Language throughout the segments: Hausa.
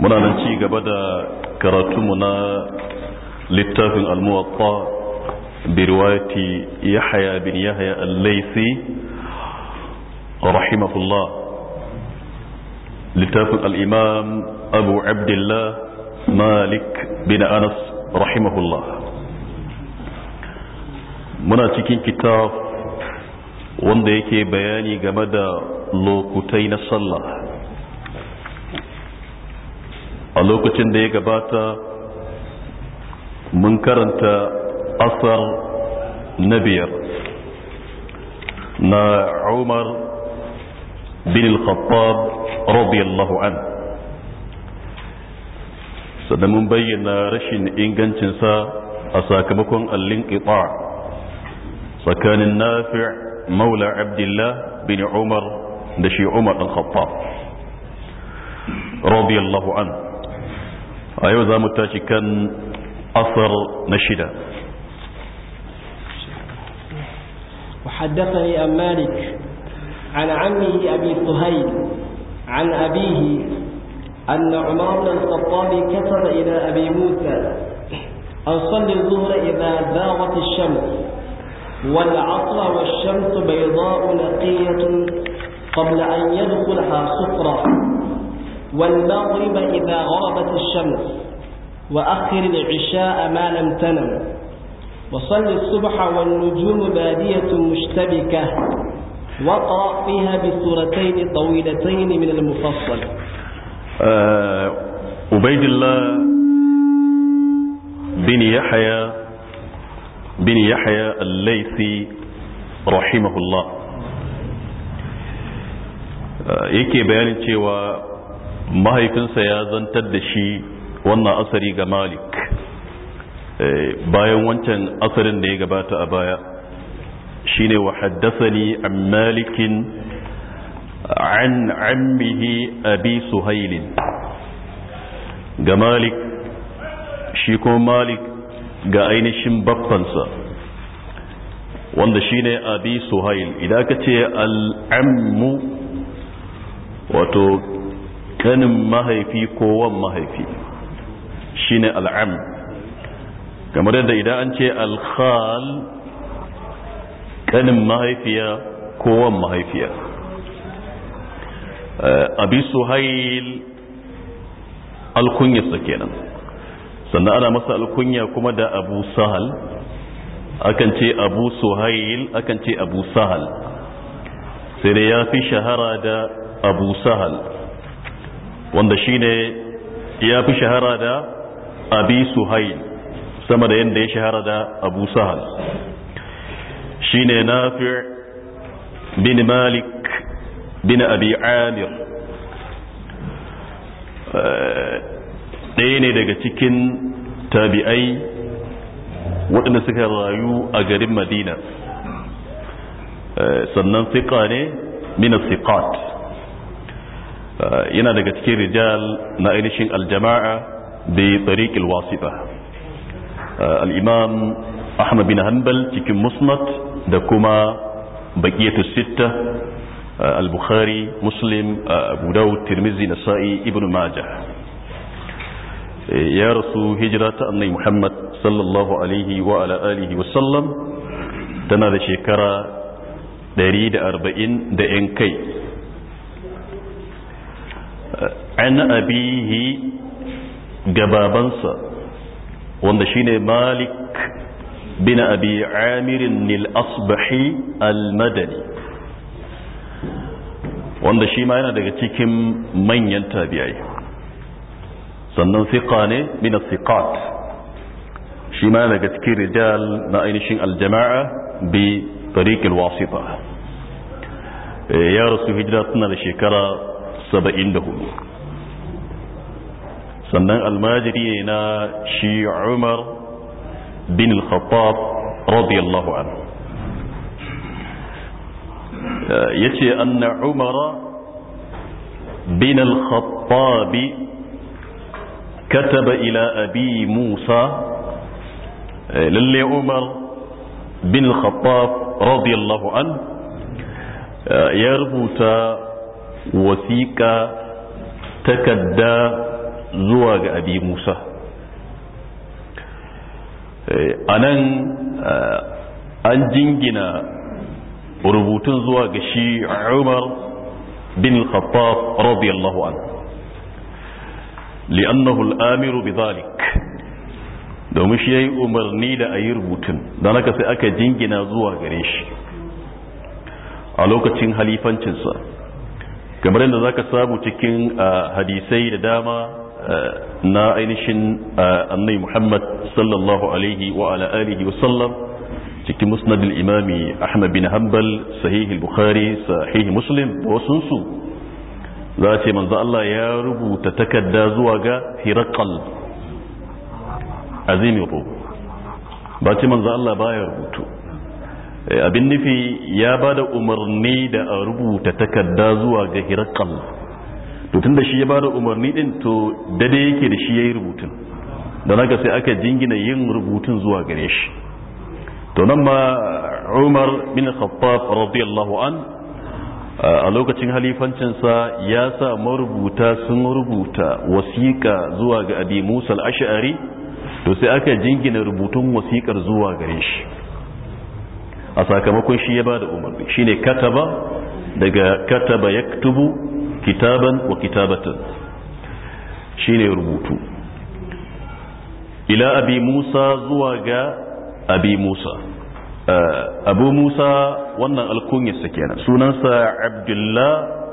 muna nan ci gaba da karatunmu na littafin almuwatta bi riwayati bin yahya al-laisi rahimahullah littafin al abu abdullah malik bin anas rahimahullah muna cikin kitab wanda yake bayani game da lokutai na sallah a lokacin da ya gabata mun karanta asar na biyar na umar bin al-khattab radiyallahu an sannan mun bayyana rashin ingancinsa a sakamakon allin ita tsakanin nafi' maula abdullah bin umar da shi umar ɗan khattab radiyallahu anhu a yau za mu tashi kan asar na shida وحدثني عن مالك عن عمه أبي سهيل عن أبيه أن عمر بن الخطاب كتب إلى أبي موسى أن صلي الظهر إذا زاغت الشمس والعصر والشمس بيضاء نقية قبل أن يدخلها صفرة والمغرب إذا غربت الشمس وأخر العشاء ما لم تنم وصل الصبح والنجوم بادية مشتبكة وقرأ فيها بسورتين طويلتين من المفصل آه، عبيد الله بن يحيى بن يحيى الليثي رحمه الله آه، يكي بيانتي و mahaifinsa ya zantar da shi wannan asari ga malik eh, bayan wancan asarin da ya gabata a baya shine wa haddasani a malikin an ammihi abi suhailin ga malik shi kuma malik ga ainihin baffansa wanda shine abi suhail idan ka ce al'ammu wato kanin mahaifi ko wan mahaifi shine al'am kamar yadda idan an ce alkhal kanin mahaifiya ko wan mahaifiya eh, abi suhail alkunyarsa kenan sannan ana masa alkunya kuma da abu sahal akan ce abu suhail akan ce abu sahal sai dai ya fi shahara da abu sahal wanda shine ya fi shahara da abi suhail sama da yadda ya shahara da abu sahal shine nafi' bin malik bin abi amir eh, ɗaya ne daga cikin tabi'ai waɗanda suka rayu a garin madina eh, sannan siƙa ne min siqat yana daga cikin rijal na ainihin aljama'a bi tariqil wasita al-imam ahmad bin hanbal cikin musnad da kuma baqiyatu sitta al-bukhari muslim abu dawud tirmizi nasa'i ibnu majah ya rasu hijira ta annai muhammad sallallahu alaihi wa ala alihi wa sallam tana da shekara 140 da yan kai an abihi gababansa wanda shine malik bin abi amirin nil-asbahi al-madani wanda shi ma yana daga cikin manyan tabi'ai sannan siqa ne min siqat shi ma daga cikin rijal na ainihin aljama'a bi tariqil wasita ya rasu hijira tana da shekara saba'in da hudu sannan almajiri ne na shi umar bin al-khattab radiyallahu an ya ce anna umara bin al-khattabi كتب إلى أبي موسى للي عمر بن الخطاب رضي الله عنه يربط wasiƙa takadda zuwa ga abi musa eh, a nan eh, an jingina rubutun zuwa ga shi umar bin khattab radiyallahu an li'annahu al'amiru bizalik zalik domin shi ya yi umarni da a yi rubutun don haka sai aka jingina zuwa gare shi a lokacin halifancinsa kamar yadda za ka samu cikin ah, hadisai da dama ah, na ainihin ah, annai muhammad sallallahu alaihi wa ala alihi wa sallam cikin musnad imami ahmad bin hanbal sahihi bukhari sahihi muslim da wasunsu za a ce manzo Allah ya rubuta takarda zuwa ga hirakal azimiru ba ce manzo Allah baya rubutu Eh, abin nufi ya ba da umarni da a rubuta takarda zuwa ga hirakal to tun da shi ya ba da umarni din to dade yake da shi ya yi rubutun da naga sai aka jingina yin rubutun zuwa gare shi to nan ma umar bin khattab radiyallahu an a lokacin halifancinsa ya sa marubuta sun rubuta wasiƙa zuwa ga abi musa al-ash'ari to sai aka jingina rubutun wasiƙar zuwa gare shi a sakamakon shi ya ba da umarni shine kataba daga kataba tubu kitaban wa kitabatan ne rubutu ila abi musa zuwa ga abi musa eh, abu musa wannan alkunyarsa kenan sunansa abdullah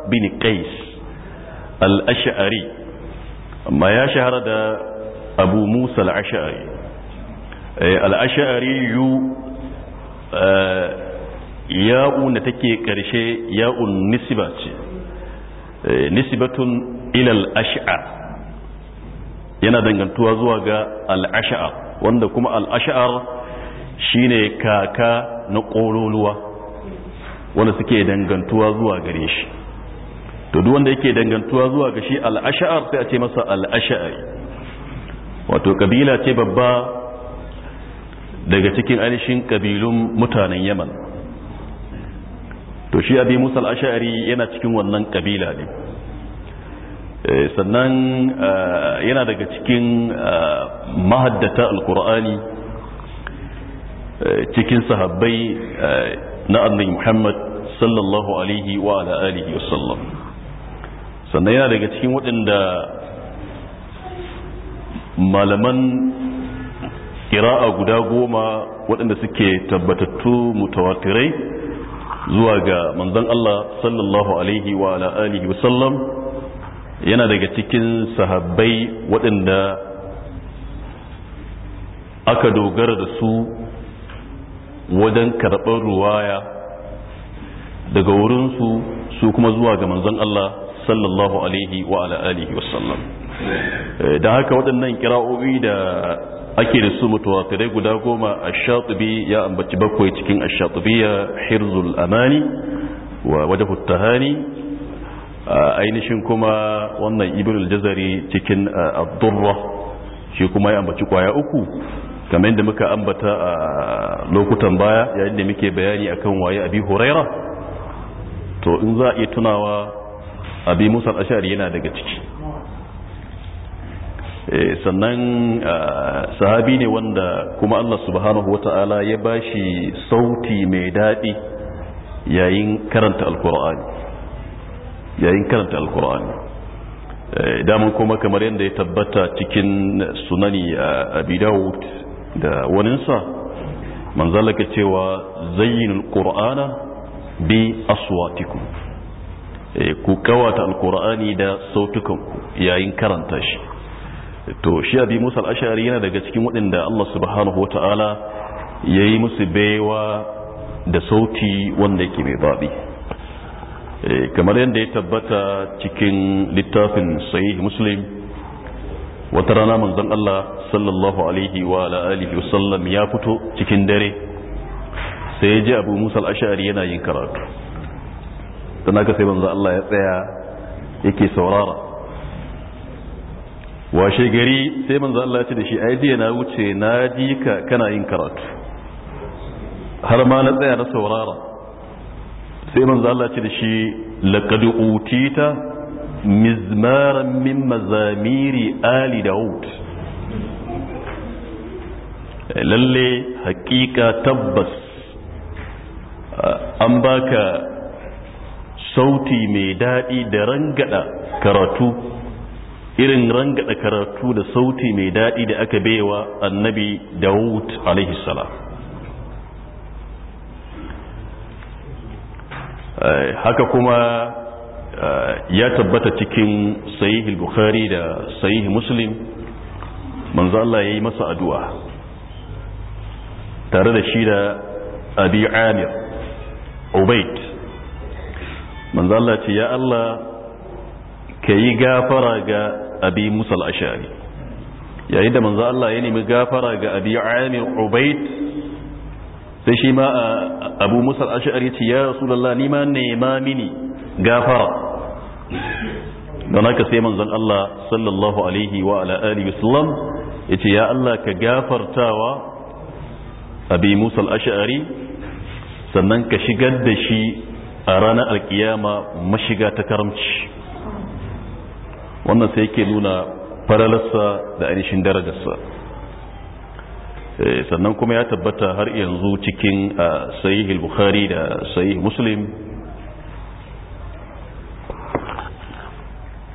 bin qais al-ash'ari amma ya shahara da abu musa al-ash'ari eh, al-ash'ari yu Eh, ya'un da take karshe ya'un nisba ce eh, nisbatun ilal ash'a yana dangantuwa zuwa ga alasha wanda kuma al'ash'ar shine kaka na ƙololuwa wanda suke dangantuwa zuwa gare shi to duk wanda yake dangantuwa zuwa ga shi al'ash'ar sai a ce masa al'ash'ari wato kabila ce babba daga cikin ainihin kabilun mutanen yaman to shi abi musa al'ashari yana cikin wannan kabila ne eh, sannan eh, yana daga cikin eh, mahaddata alkur'ani cikin sahabbai na annabi muhammad sallallahu alaihi wa ala wasallam sannan yana daga cikin waɗanda malaman kira'a guda goma waɗanda suke tabbatattu mutawatirai zuwa ga manzon Allah sallallahu alaihi wa alihi sallam yana daga cikin sahabbai waɗanda aka dogara da su wajen karɓar ruwaya daga wurinsu su kuma zuwa ga manzon Allah sallallahu alaihi wa alihi sallam. Eh, da haka waɗannan kira'o'i da ake da su mutawatirai guda goma a shatubi ya ambaci bakwai cikin a shatubiya hirzul amani wa wajahu a ainihin kuma wannan ibn Aljazari cikin abdurra shi kuma ya ambaci kwaya uku kamar yadda muka ambata a lokutan baya yayin da muke bayani akan waye abi huraira to in za a iya tunawa abi musa ashari yana daga ciki Eh, sannan ah, sahabi ne wanda kuma Allah subhanahu wata'ala ya bashi sauti mai daɗi yayin karanta alkur'ani yayin karanta alkur'ani eh, daman kuma kamar yadda ya tabbata cikin sunani a da waninsa manzalaka cewa zayyinul qur'ana bi aswatikum eh, ku kawata alkur'ani da sautukanku yayin karanta shi to shi abi musa al'ashari yana daga cikin waɗanda allah subhanahu wata'ala ya yi musu baiwa da sauti wanda yake mai baɗi eh, kamar yadda ya tabbata cikin littafin sahih muslim wata rana manzon allah sallallahu alaihi wa alihi wasallam ya fito cikin dare sai ya ji abu musa al'ashari yana yin karatu don haka sai manzon allah ya tsaya yake saurara washe gari sai manzo Allah ce da shi ai jiya na wuce na ji ka kana yin karatu har ma na tsaya na saurara sai manzo Allah ce da shi laqad utita mizmaran min mazamiri ali daud eh, lalle hakika tabbas eh, an baka sauti mai daɗi da rangada karatu irin rangada karatu da sauti mai daɗi da aka baiwa annabi dawud alaihi eh, haka kuma eh, ya tabbata cikin sahihul bukhari da sahih muslim manzo Allah yayi masa addu'a tare da shi da abi amir ubayd manzo Allah ce ya Allah ka yi gafara ga abi musa al-ashari yayin da manzo Allah ya nemi gafara ga abi amir ubaid sai shi ma abu musa al-ashari ce ya rasulullah ni ma nema mini gafara don haka sai manzon Allah sallallahu alaihi wa ala alihi wasallam yace ya Allah ka gafartawa abi musa al-ashari sannan ka shigar da shi a ranar alkiyama mashiga ta karamci wannan sai yake nuna faralarsa da ainihin darajarsa eh, sannan kuma ya tabbata har yanzu cikin ah, sahihul bukhari da sahih muslim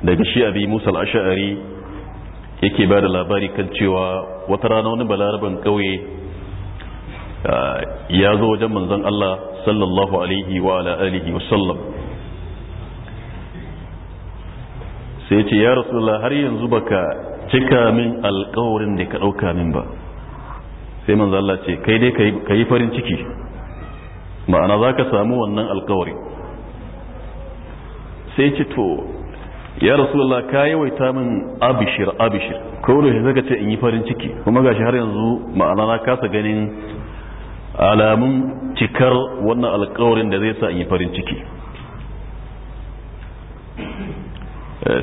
daga shi abi musa al-ash'ari yake ba da labari kan cewa wata rana wani balaraban ƙauye ah, ya zo wajen manzon Allah sallallahu alaihi wa ala alihi wa sallam sai ce ya rasulullah har yanzu baka cika min alkawarin da ka ɗauka min ba sai manzo Allah ce kai dai ka yi farin ciki ma'ana za ka samu wannan alkawari sai ce to ya rasulullah ka yawaita min abishir abishir ko da zaka ce in yi farin ciki kuma gashi har yanzu ma'ana na kasa ganin alamun cikar wannan alkawarin da zai sa in yi farin ciki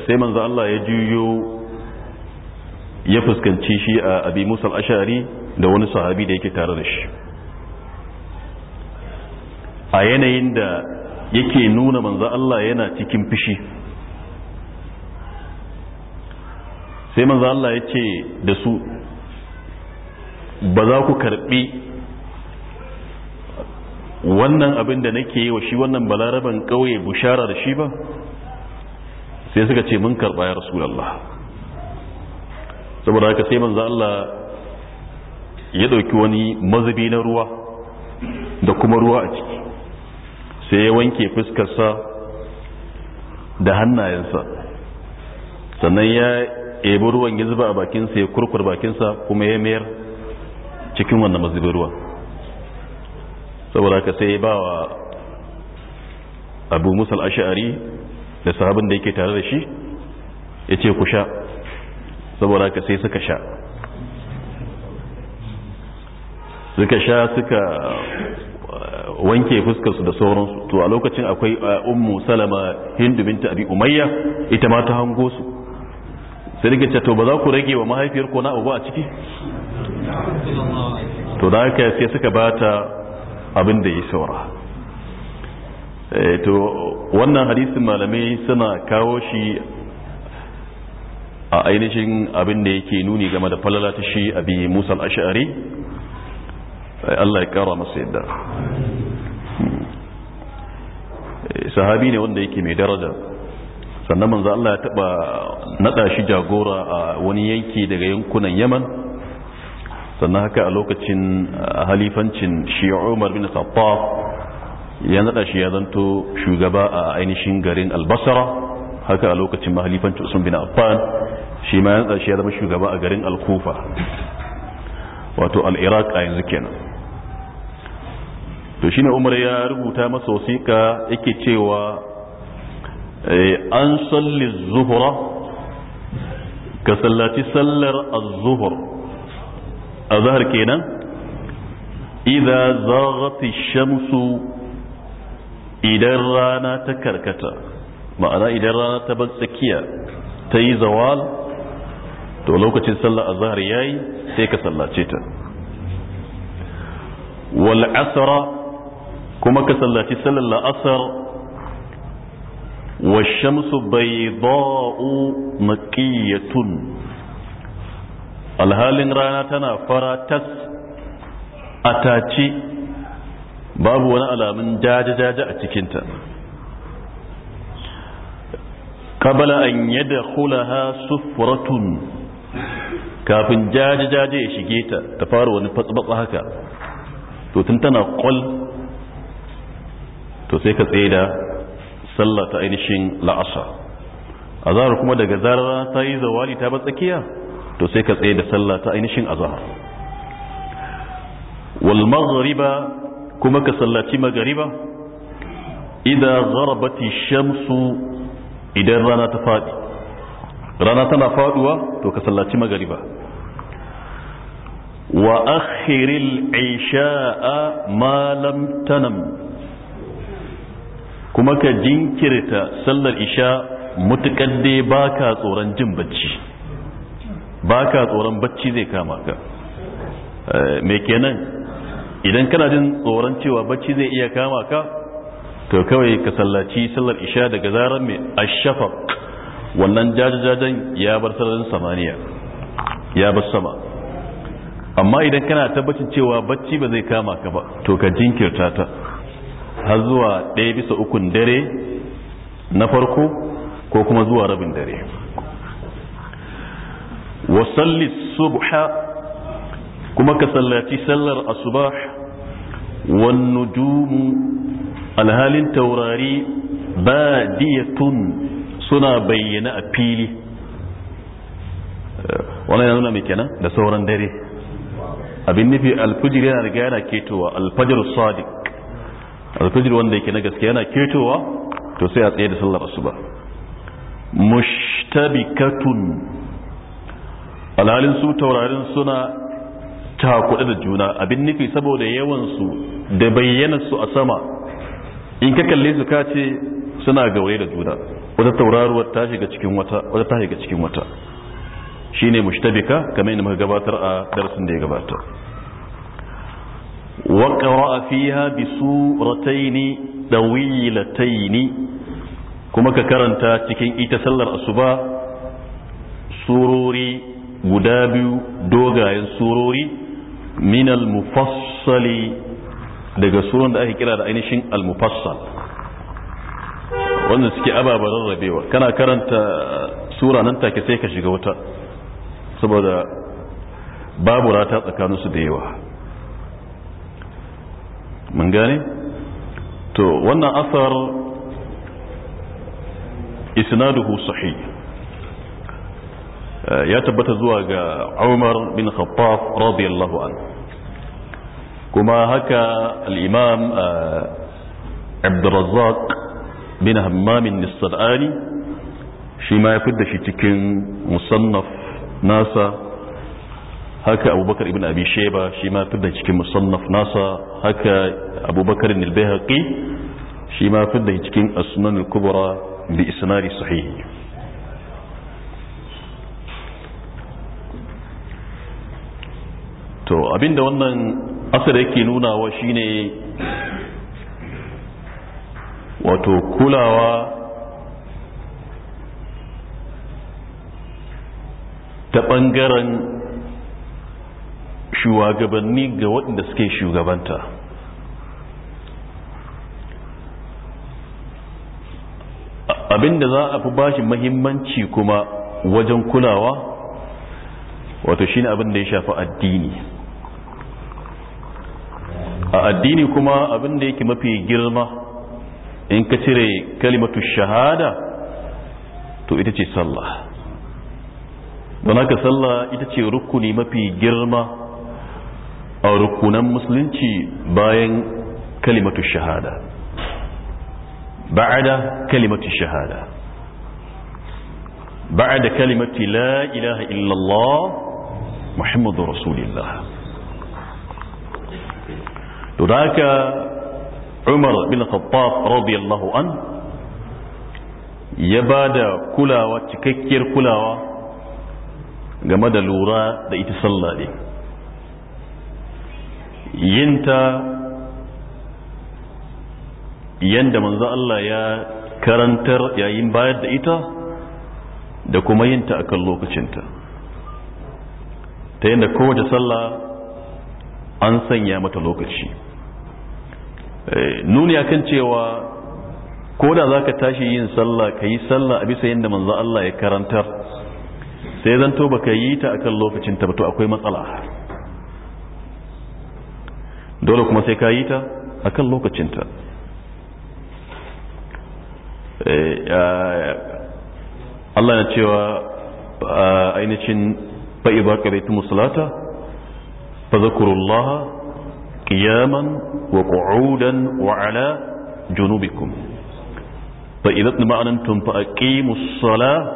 sai manzo Allah ya juyo ya fuskanci shi a abi musa ashari da wani sahabi da yake tare da shi a yanayin da yake nuna manzo Allah yana cikin fishi sai manzo Allah ya ce da su ba za ku karbi wannan abin da nake yi wa shi wannan balaraban ƙauye bushara da shi ba sai suka ce mun karɓa ya rasulallah saboda haka sai manzo Allah ya ɗauki wani mazubi na ruwa da kuma ruwa a ciki sai ya wanke fuskarsa da hannayensa sannan ya ebi ruwan ya zuba a bakinsa ya kurkur bakinsa kuma ya mayar cikin wannan mazubin ruwa saboda haka sai ya ba wa abu musal ash'ari da sahabin da yake tare da shi ya ce ku sha saboda ka sai suka sha suka sha suka uh, wanke fuskarsu da sauransu to a lokacin akwai uh, ummu salama hindu binta abi umayya ita ma ta hango su sai rike to ba za ku rage wa mahaifiyar ko na abu a ciki to da haka sai suka bata abin da yi saura Eh, to wannan hadisin malamai suna kawo shi a ainihin abin da yake nuni game da falala ta shi abi musa al-ash'ari eh, Allah ya kara masa yadda eh, sahabi ne wanda yake mai daraja sannan manzo Allah ya taba nada shi jagora a wani yanki daga yankunan Yaman sannan haka a lokacin halifancin shi Umar bin Khattab ya naɗa shi ya zanto shugaba a ainihin garin albasara haka a lokacin mahalifanci usman bin affan shi ma yanzu naɗa shi ya zama shugaba a garin alkufa wato al'iraq a yanzu kenan to shine umar ya rubuta masa wasiƙa yake cewa eh, an salli zuhura ka sallaci sallar azuhur zuhur a zahar kenan idan zagati shamsu idan rana ta karkata ma'ana idan rana ta bar tsakiya ta yi zawal to lokacin sallah azhar yayi sai ka sallace ta wal asra kuma ka sallaci sallar la'asar wa shamsu bayda'u maqiyatun alhalin rana tana fara tas a tace babu wani alamun daji-daji a cikinta kabala an yadda hulaha sufuratun kafin jaje-jaje ya shige ta ta fara wani fatsabatsa haka to tun tana kwal to sai ka tsaye da sallah ta ainihin la'asa a zahar kuma daga zarar ta yi zawali ta tsakiya to sai ka tsaye da sallah ta ainihin azahar wal kuma ka sallaci magariba idan gharabati shamsu idan rana ta faɗi rana tana faɗuwa to ka sallaci magariba wa akhiril isha'a ma lam tanam kuma ka jinkirta sallar isha mutukar dai baka tsoron jin bacci baka tsoron bacci zai kama ka eh, me kenan idan kana jin tsoron cewa bacci zai iya kama ka to kawai ka sallaci sallar isha daga zarar mai ashafa wannan jajajajen ya bar sararin samaniya ya bar sama amma idan kana tabbacin cewa bacci ba zai kama ka ba to ka jinkirta ta har zuwa ɗaya bisa ukun dare na farko ko kuma zuwa rabin dare wasalli subha kuma ka sallaci sallar asubah Wannu nujumu alhalin taurari ba tun suna bayyana a fili eh, wannan yana nuna mai kenan da sauran dare abin nufi alfijir yana riga yana ketowa alfajir sadiq alfijir wanda yake na gaske yana ketowa to sai a tsaye da sallar asuba mushtabikatun alhalin su taurarin suna ta takuɗe da juna abin nufi saboda yawansu da bayyanarsu a sama in ka kalle su ka ce suna gaure da juna wata tauraruwar ta shiga cikin wata wata ta shiga cikin wata shine mushtabika kamar yadda muka gabatar a darasin da ya gabata wa qara'a fiha bi suratayn dawilatayn kuma ka karanta cikin ita sallar asuba surori guda biyu dogayen surori min al-mufassali daga suran da ake kira da ainihin al-mufassal wanda suke ababaran rabewa kana karanta uh, sura nan take sai ka shiga wata saboda babu rata su da yawa mun gane to wannan asar isnaduhu sahih ya tabbata zuwa ga umar bin khattab radiyallahu an kuma haka al'imam abdurrazzaq bin hammamin nisad'ani shi ma ya fidda shi cikin musannaf nasa haka abubakar ibn abi sheba shi ma fidda cikin musannaf nasa haka abubakar ibn al shi ma fidda cikin asunan al-kubra bi isnari sahihi to abinda wannan asar yake nunawa shine wato kulawa ta ɓangaren shugabanni ga waɗanda suke shugabanta abinda za a fi bashi mahimmanci kuma wajen kulawa wato shine abin da ya shafi addini a addini kuma abin da yake mafi girma in ka cire kalimatu shahada to ita ce sallah don haka sallah ita ce rukuni mafi girma a rukunan musulunci bayan kalimatu shahada ba'ada kalimatu shahada ba'ada kalimati la ilaha illallah muhammadu rasulillah to umar bin khattab radiyallahu an ya ba da kulawa cikakkiyar kulawa game da lura da ita sallah ne yinta yanda manzo Allah ya karantar yayin bayar da ita da kuma yinta kan lokacinta ta yadda kowace sallah an sanya mata lokaci Eh, nuni akan cewa ko da za ka tashi yin sallah ka yi sallah a bisa yadda manzo Allah ya karantar sai zanto ka yi ta akan lokacin ta akwai matsala dole kuma sai ka yi ta akan lokacin ta eh, Allah na cewa ainihin ba'i ba ka bai salata fa zakurullaha قياما وقعودا وعلى جنوبكم فإذا اطمأننتم فأقيموا الصلاة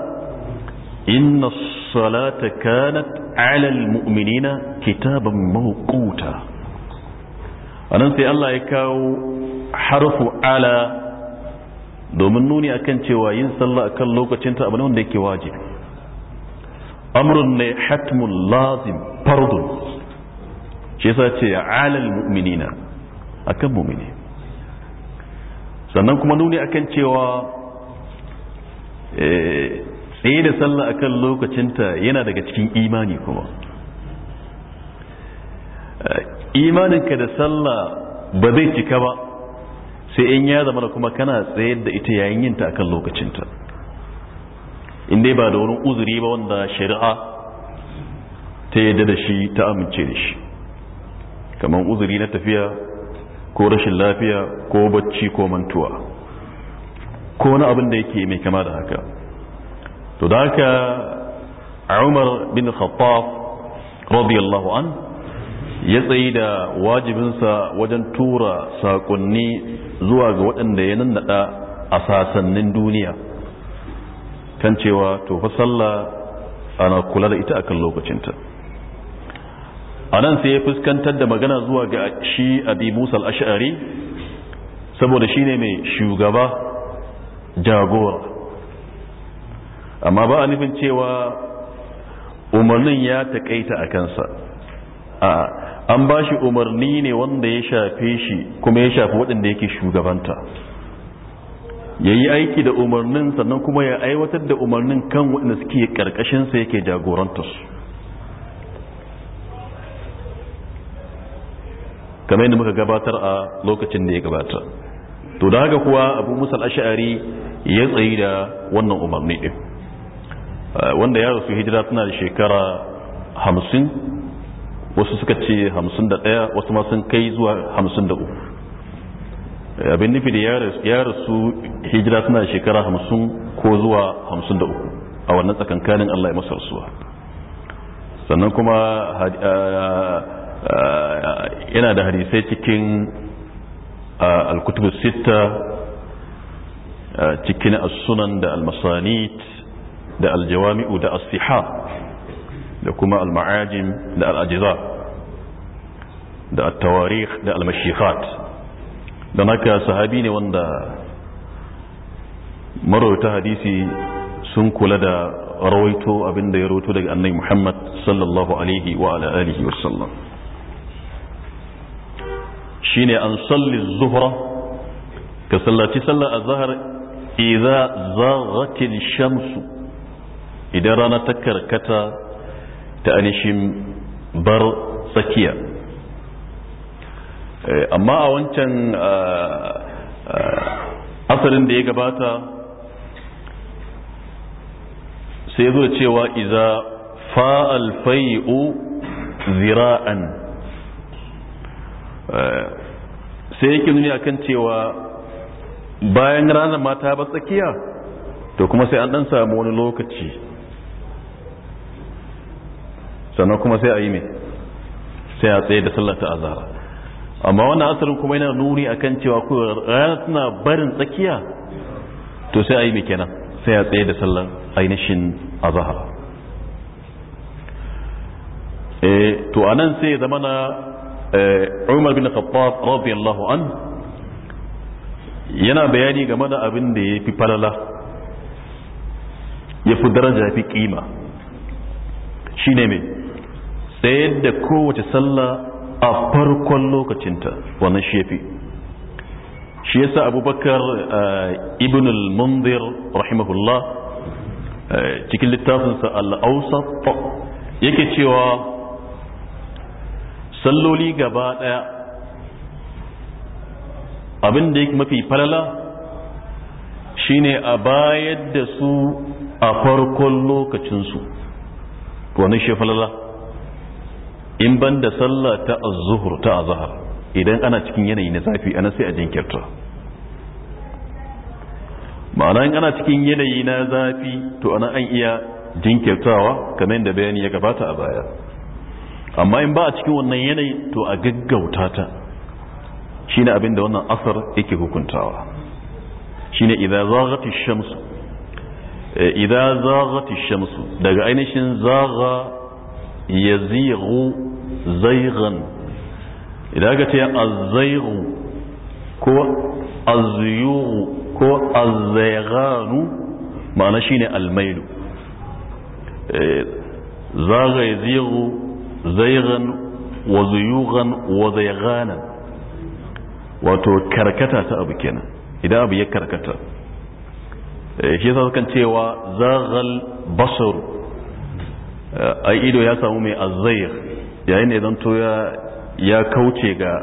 إن الصلاة كانت على المؤمنين كتابا موقوتا anan sai Allah ya kawo harfu ala domin nuni akan cewa yin sallah akan lokacin ta abu ne wanda yake wajibi amrun ne hatmun lazim fardun shi yasa ce alal mu'minina akan mu'mini sannan kuma nuni akan cewa eh, tsaye da sallah akan lokacinta yana daga cikin imani kuma eh, imaninka da sallah ba zai cika ba sai in ya zama da kuma kana tsaye da ita yayin yinta akan lokacinta in ba da wurin uzuri ba wanda shari'a ta yadda da shi ta amince da shi kamar uzuri na tafiya ko rashin lafiya ko bacci ko mantuwa ko wani abin da yake mai kama da haka to da haka umar bin khattab radiyallahu an ya tsayi da wajibinsa wajen tura saƙonni zuwa ga waɗanda ya nannaɗa a sasannin duniya kan cewa to fa sallah ana kula da ita akan lokacinta Anan sai ya fuskantar da magana zuwa ga shi abi musa al'ashari saboda shi ne mai shugaba jagora amma ba a nufin cewa umarnin ya taƙaita a kansa a an ba shi umarni ne wanda ya shafe shi kuma ya shafi waɗanda yake shugabanta ya yi aiki da umarnin sannan kuma ya aiwatar da umarnin kan waɗanda suke ƙarƙashinsa yake jagorantarsu kamar yadda muka gabatar a lokacin da ya gabata to da haka kuwa abu musal ash'ari ya tsayi da wannan umarni din wanda ya rasu hijira tana da shekara hamsin wasu suka ce hamsin da ɗaya wasu ma sun kai zuwa hamsin da uku abin nufi da ya rasu hijira tana da shekara hamsin ko zuwa hamsin da uku a wannan tsakankanin allah ya masa rasuwa sannan kuma yana da hadisai cikin alkutubu sita cikin as-sunan da al da al-jawami'u da asiha da kuma al da al-ajiza da at da al-mashikhat dan sahabi ne wanda marauta hadisi sun kula da rawaito abinda ya rawaito daga annabi Muhammad sallallahu alaihi wa ala alihi wa shine an salli zuhra ka sallaci sallar azhar idan zaghatil shamsu idan rana ta karkata ta anishin bar tsakiya eh, amma a wancan ah, ah, asalin da ya gabata sai zo cewa iza fa'al fai'u zira'an Eh, sai yake nuni akan cewa bayan ranar mata ba tsakiya to kuma sai an dan samu wani lokaci sannan kuma sai a yi ne sai a tsaye da sallar ta azara amma wannan asarin kuma yana nuni akan cewa ko rana tana barin tsakiya to sai a yi kenan sai a tsaye da sallar ainihin azahar eh to anan sai zamana Eh, umar bin khattab radiyallahu an yana bayani game da abin da ya fi falala ya fi daraja ya fi kima shi ne mai tsayar da kowace sallah a farkon lokacinta wannan shi ya fi shi sa abubakar eh, ibn al-mundir rahimahullah eh, cikin littafinsa al-ausat yake cewa salloli gaba ɗaya abin da yake mafi falala shine a bayar da su a farkon lokacinsu wani shi falala in ban da sallah ta azuhur ta azahar idan ana cikin yanayi na zafi ana sai a jinkirta ma'ana in ana cikin yanayi na zafi to ana an iya jinkirtawa kamar yadda bayani ya gabata a baya amma in ba a cikin wannan yanayi to a gaggauta ta shi ne abinda wannan asar yake hukuntawa Shi shine idza zaghati shamsu eh, idza zaghati shamsu daga ainihin ya zirgu zayghan idan aka ce azzayru ko azzuyuru ko azzayganu ma'ana shi ne almailu eh, ya zirgu zaigan wa zuyugan wa zaiganan wato karkata ta abu kenan idan abu ya karkata eh, shi yasa kan cewa zagal basar eh, a ido ya samu mai azzair yayin idan to ya kauce ga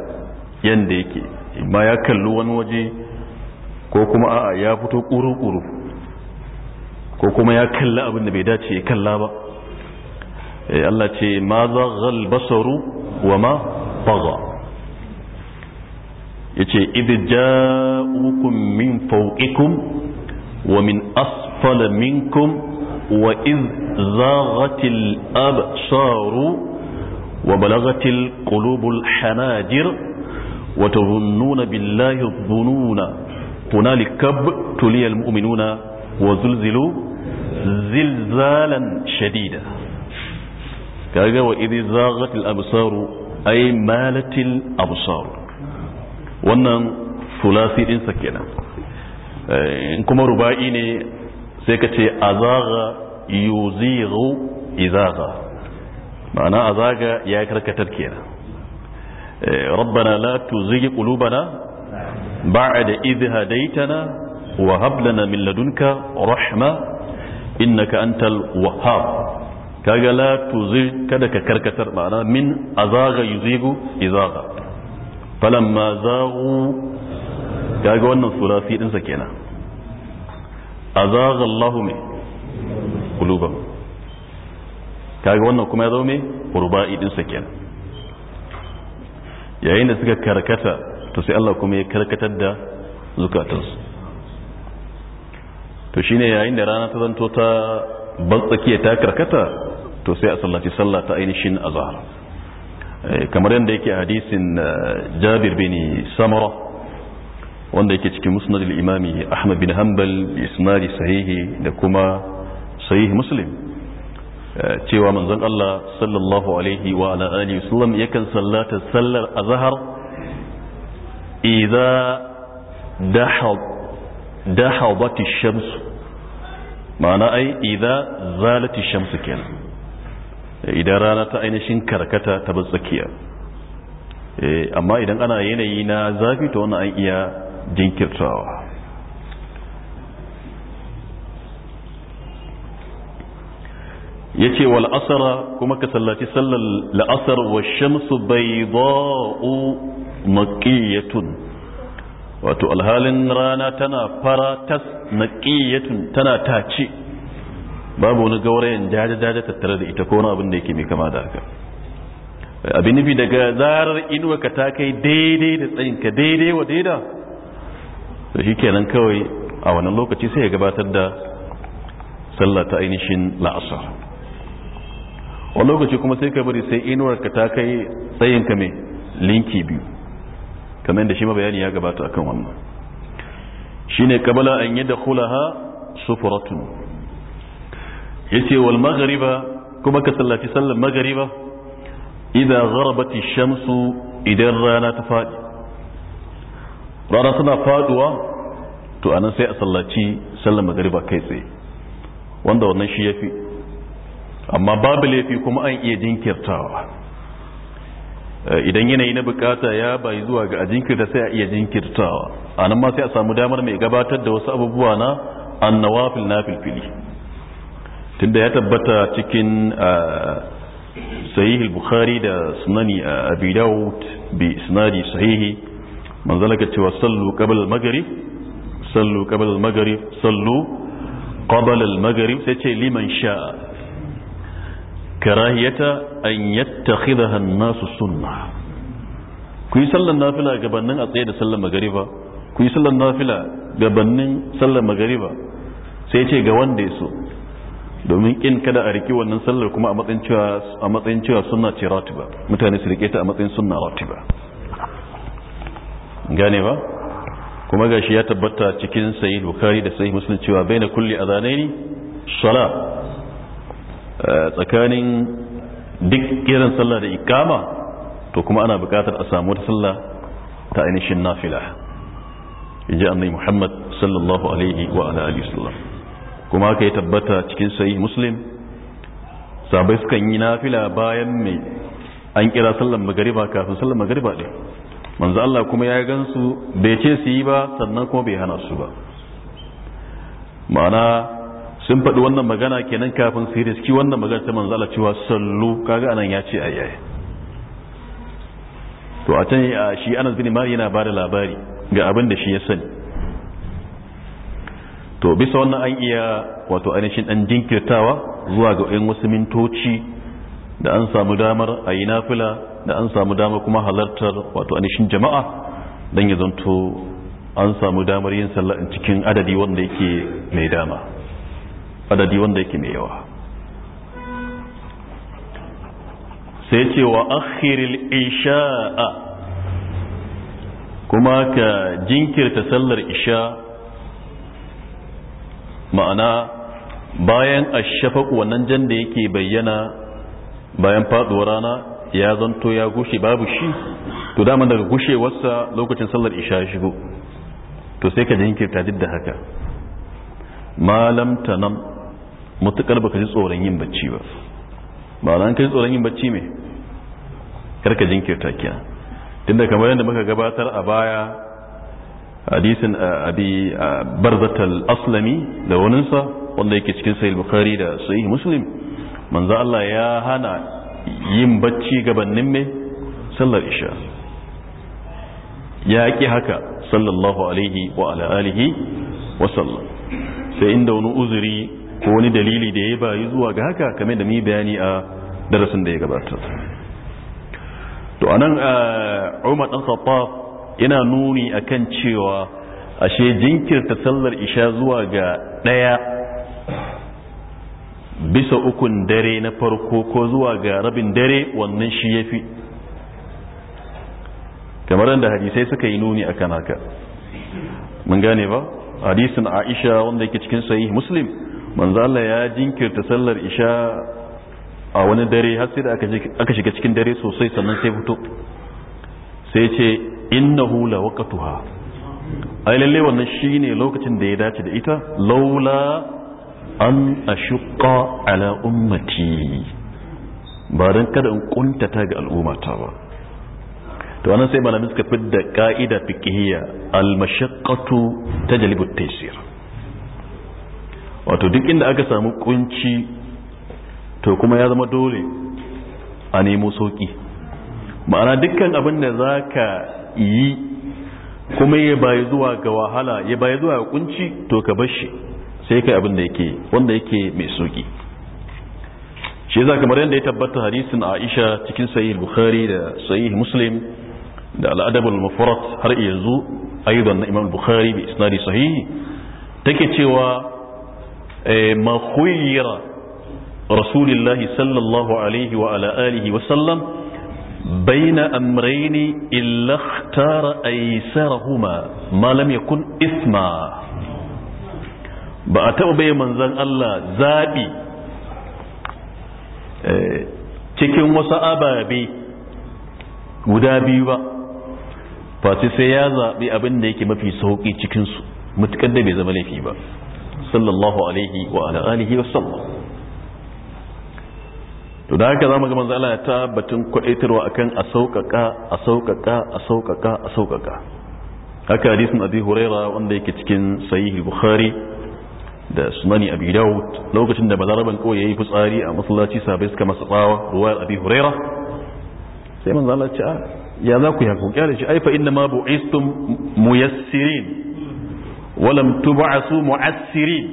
yanda yake ma ya kalli wani waje ko kuma a'a ya fito kuru-kuru ko kuma ya kalli abin da bai dace ya kalla ba Eh, Allah ce ma zaghal basaru wa ma tagha yace id ja'ukum min fawqikum wa min asfala minkum wa id zaghatil absaru wa balagatil qulubul hanajir wa tazunnuna billahi dhununa hunalika tuliyal mu'minuna wa zulzilu zilzalan shadida kaga wa idh zaghat al absar ay malat al wannan fulasi din sa kenan in kuma ruba'i ne sai ka ce azaga yuzighu izaga ma'ana azaga ya karkatar kenan ربنا لا تزغ قلوبنا بعد إذ هديتنا وهب لنا من لدنك رحمة إنك أنت الوهاب kaga la tuzi kada ka karkatar ma'ana min azaga yuzigu izaga ma zaghu kaga wannan sura fi sa kenan azaga Allahu me qulubam kaga wannan kuma ya zo me ruba'i din sa kenan yayin da suka karkata to sai Allah kuma ya karkatar da zukatansu to shine yayin da rana ta zanto ta ban tsakiya ta karkata to sai a sallaci sallah ta ainihin azhar eh, kamar yadda yake hadisin eh, jabir bin samara wanda yake cikin musnad al-imami ahmad bin hanbal bi isnadi sahihi da kuma sahihi muslim eh, cewa manzon Allah sallallahu alaihi wa ala alihi wasallam yakan sallata sallar azhar idza dahab dahabat ash-shams ma'ana ai idza zalat ash-shams kenan idan rana ta ainihin karkata ta tsakiya eh, amma idan ana yanayi na zafi ta wani an iya jinkirtawa ya ce wa la'asara kuma ka sallaci sallar la'asar wa shamsu bai ba'u maƙiyatun wato alhalin rana tana fara tas maƙiyatun tana tace babu wani gaurayen jaja-jaja tattare da ita ko wani abin da yake mai kama da haka abin nufi daga zarar inuwa ka ta kai daidai da tsayinka daidai wa daida da shi kenan kawai a wannan lokaci sai ya gabatar da sallah ta ainihin la'asar wani lokaci kuma sai ka bari sai inuwar ka ta kai tsayinka mai linki biyu kamar yadda shi ma bayani ya gabata akan wannan shine kabala an yi da kulaha sufuratun yace wal magariba kuma ka sallaci sallan magariba idan shamsu idan rana ta faɗi rana tana faduwa to anan sai a sallaci sallan magariba kai tsaye wanda wannan shi yafi amma babu laifi kuma an iya jinkirtawa eh, idan yanayi na bukata ya bayi zuwa ga a jinkirta sai a iya jinkirtawa anan ma sai a samu damar mai gabatar da wasu abubuwa na annawafil na filfili tunda ya tabbata cikin ah, sahihi bukhari da sunani a ah, abi daud bi isnadi sahihi manzalaka cewa sallu qabla al-maghrib sallu qabla al-maghrib sallu qabla al-maghrib sai ce liman sha. karahiyata an yattakhidha an-nas sunnah ku yi sallan nafila gabanin a tsaye da sallan magariba ku yi sallan nafila gabanin sallan magariba sai ce ga wanda ya so domin in kada a riki wannan sallar kuma a matsayin cewa suna ce ratiba mutane su rike ta a matsayin rati ratiba gane ba kuma ga shi ya tabbata cikin sahih bukari da sahih musulun cewa baina kulli ne sala eh, tsakanin duk irin sallah da ikama to kuma ana buƙatar a samu wata sallah ta ainihin nafila inji annabi muhammad sallallahu alaihi wa ala alihi wasallam kuma aka yi tabbata cikin sahih muslim sabai sukan yi nafila bayan mai an kira sallan magariba kafin sallan magariba ɗin manzo Allah kuma ya gansu bai ce su yi ba sannan kuma bai hana su ba ma'ana sun faɗi wannan magana kenan kafin su yi riski wannan magana ta manzo Allah cewa sallu kaga anan ya ce ayyaye to a can shi Anas bin Malik yana bada labari ga abin da shi ya sani to bisa wannan an iya wato ainihin dan jinkirtawa zuwa ga ɗan wasu mintoci da an samu damar a yi nafila da an samu damar kuma halartar wato ainihin jama'a don ya zanto an samu damar yin sallah cikin adadi wanda yake mai dama adadi wanda yake mai yawa sai ce wa akhiril isha'a kuma ka jinkirta sallar isha ma'ana bayan ashafaq wannan jan da yake bayyana bayan faduwar rana ya zanto ya gushe babu shi to dama daga wasa lokacin sallar isha ya shigo to sai ka jinkirta duk da haka malam tanam mutukar baka ji tsoron yin bacci ba ma'ana kai tsoron yin bacci me karka jinkirta kenan tunda kamar yadda muka gabatar a baya hadisin uh, abi uh, al aslami da waninsa wanda yake cikin sahih bukhari da sahih muslim manzo Allah ya hana yin bacci gabanin mai sallar isha ya ki haka sallallahu alaihi wa ala alihi wa sallam sai inda wani uzuri ko wani dalili da ya yi zuwa ga haka kame da mu bayani a darasin da ya gabata to anan uh, Umar dan Khattab yana nuni akan cewa ashe jinkirta sallar isha zuwa ga ɗaya bisa ukun dare na farko ko zuwa ga rabin dare wannan shi ya fi kamar da hadisai suka yi nuni akan haka mun gane ba hadisin aisha wanda yake cikin sahih muslim manzo Allah ya jinkirta sallar isha a wani dare har sai da aka shiga cikin dare sosai sannan sai fito sai ce innahu la waqtuha ai lalle wannan shine lokacin da ya dace da ita laula an ashqa ala ummati ba dan kada in kuntata ga al'ummata ba to anan sai malamin suka fidda ka'ida fiqhiyya al mashaqqatu tajlibu at-taysir wato duk inda aka samu kunci to kuma ya zama dole a nemo sauki ma'ana dukkan abin da za ka yi kuma ya bayi zuwa ga wahala ya bayi zuwa ga kunci to ka bar shi sai kai abin da yake wanda yake mai soki shi yasa kamar yadda ya tabbata hadisin Aisha cikin sahih Bukhari da sahih Muslim da al-adab al-mufrad har yanzu aidan na Imam Bukhari bi isnadi sahihi take cewa eh, ma khuyira rasulullahi sallallahu alaihi wa ala alihi wa sallam بين أمرين إلا اختار أيسرهما ما لم يكن إثما بأتوا بي منزل الله زابي cikin wasu ababe guda biyu ba face sai ya zaɓi abin da yake mafi sauƙi cikinsu matuƙar da bai zama laifi ba sallallahu alaihi wa ala alihi wa sallam to da haka zamu ga manzo Allah ta batun kwaitarwa akan a sauƙaƙa a sauƙaƙa a sauƙaƙa a sauƙaƙa haka hadisin abi huraira wanda yake cikin sahih bukhari da sunani abi Dawud lokacin da bazaraban ko yayi fitsari a masallaci sabai suka masa tsawa ruwa abi huraira sai manzo Allah ce ah, ya za ku yi hakuki shi ai fa inna ma bu'istum muyassirin walam tub'asu mu'assirin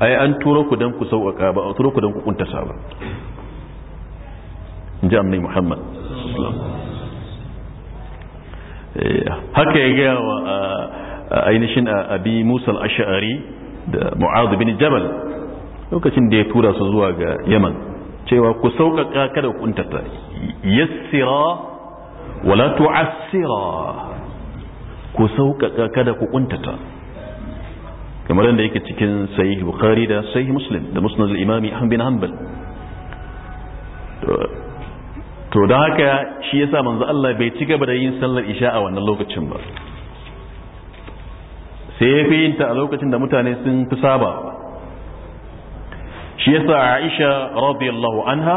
ai an turo ku dan ku sauƙaƙa ba a turo ku dan ku kuntasa ba ji annai muhammad eh, haka ya gaya wa ainihin abi musa al-ash'ari da mu'adh bin jabal lokacin da ya tura su zuwa ga yaman cewa ku sauƙaƙa kada kuntata yassira wala tu'assira ku sauƙaƙa kada ku kuntata kamar da yake cikin sahih bukhari da sahih muslim da musnad al-imami ahmad bin hanbal to da haka shi yasa manzo Allah bai ci gaba da yin sallar isha a wannan lokacin ba sai ya fi yin ta a lokacin da mutane sun fi saba shi yasa Aisha radiyallahu anha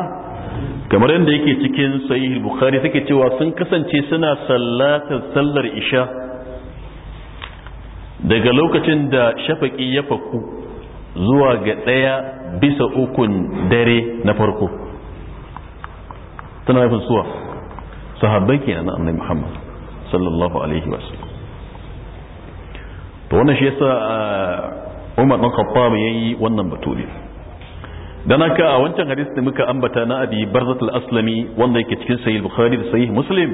kamar yadda yake cikin sahih bukhari take cewa sun kasance suna sallatar sallar isha daga lokacin da shafaki ya faku zuwa ga ɗaya bisa ukun dare na farko tana nufin suwa sahabbai kenan na annabi muhammad sallallahu alaihi wasallam to wannan shi yasa ah, umar dan khattab yi wannan batu ne dan haka a wancan hadisi da muka ambata na abi barzat al-aslami wanda yake cikin sahih bukhari da sahih muslim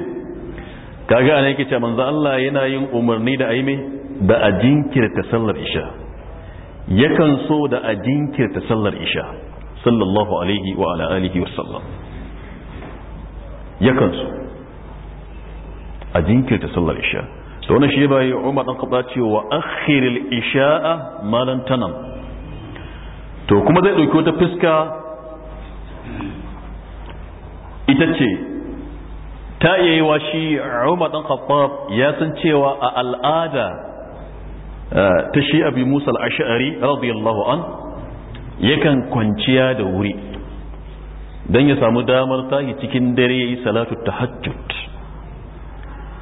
kaga ana yake cewa manzo Allah yana yin umarni da ayi da a jinkirta sallar isha yakan so da a jinkirta sallar isha sallallahu alaihi wa ala alihi wa sallam yakan su a jinkirta sallar isha to wani shi bai umar dan kafa cewa akhiril isha'a malan tanam to kuma zai dauki wata fuska ita ce ta iya yiwa shi umar dan khattab ya san cewa a al'ada eh, ta shi abi musa al-ash'ari radiyallahu an yakan kwanciya da wuri don ya samu damar tashi cikin dare ya yi salatu tahajjud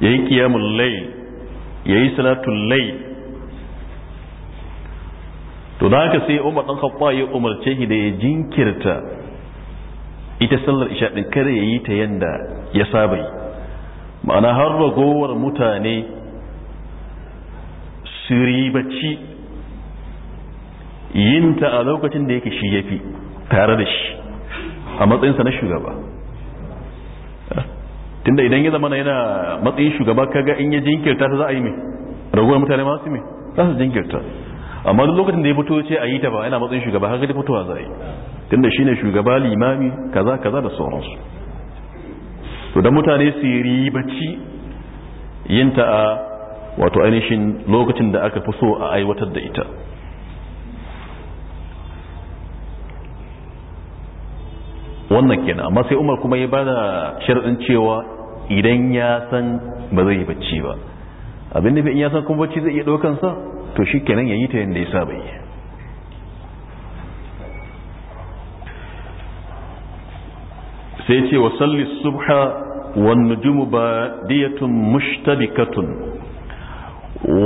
ya yi ƙiyamun lai ya yi salatun lai to da haka sai umar ɗan haɓɓa ya umarce shi da ya jinkirta ita sallar isha ɗin kada ya yi ta yanda ya saba ma'ana har ragowar mutane su ribaci yinta a lokacin da yake shi yafi tare da shi a matsayinsa na shugaba tunda idan ya zama yana matsayin shugaba kaga in ya jinkirta ta za a yi mai raguwar mutane ma su mai za su jinkirta amma duk lokacin da ya fito ce a yi ta ba yana matsayin shugaba haka da fitowa za a yi tunda shine shugaba limami kaza kaza da sauransu to da mutane su ribaci yin ta a wato ainihin lokacin da aka fi so a aiwatar da ita wannan kenan amma sai umar kuma ya bada sharadin cewa idan ya san ba zai yi bacci ba abin da in ya san kuma bacci zai iya daukan sa to shi kenan ya yi ta yadda ya saba yi sai ce wa salli subha wan nujumu badiyatun mushtabikatun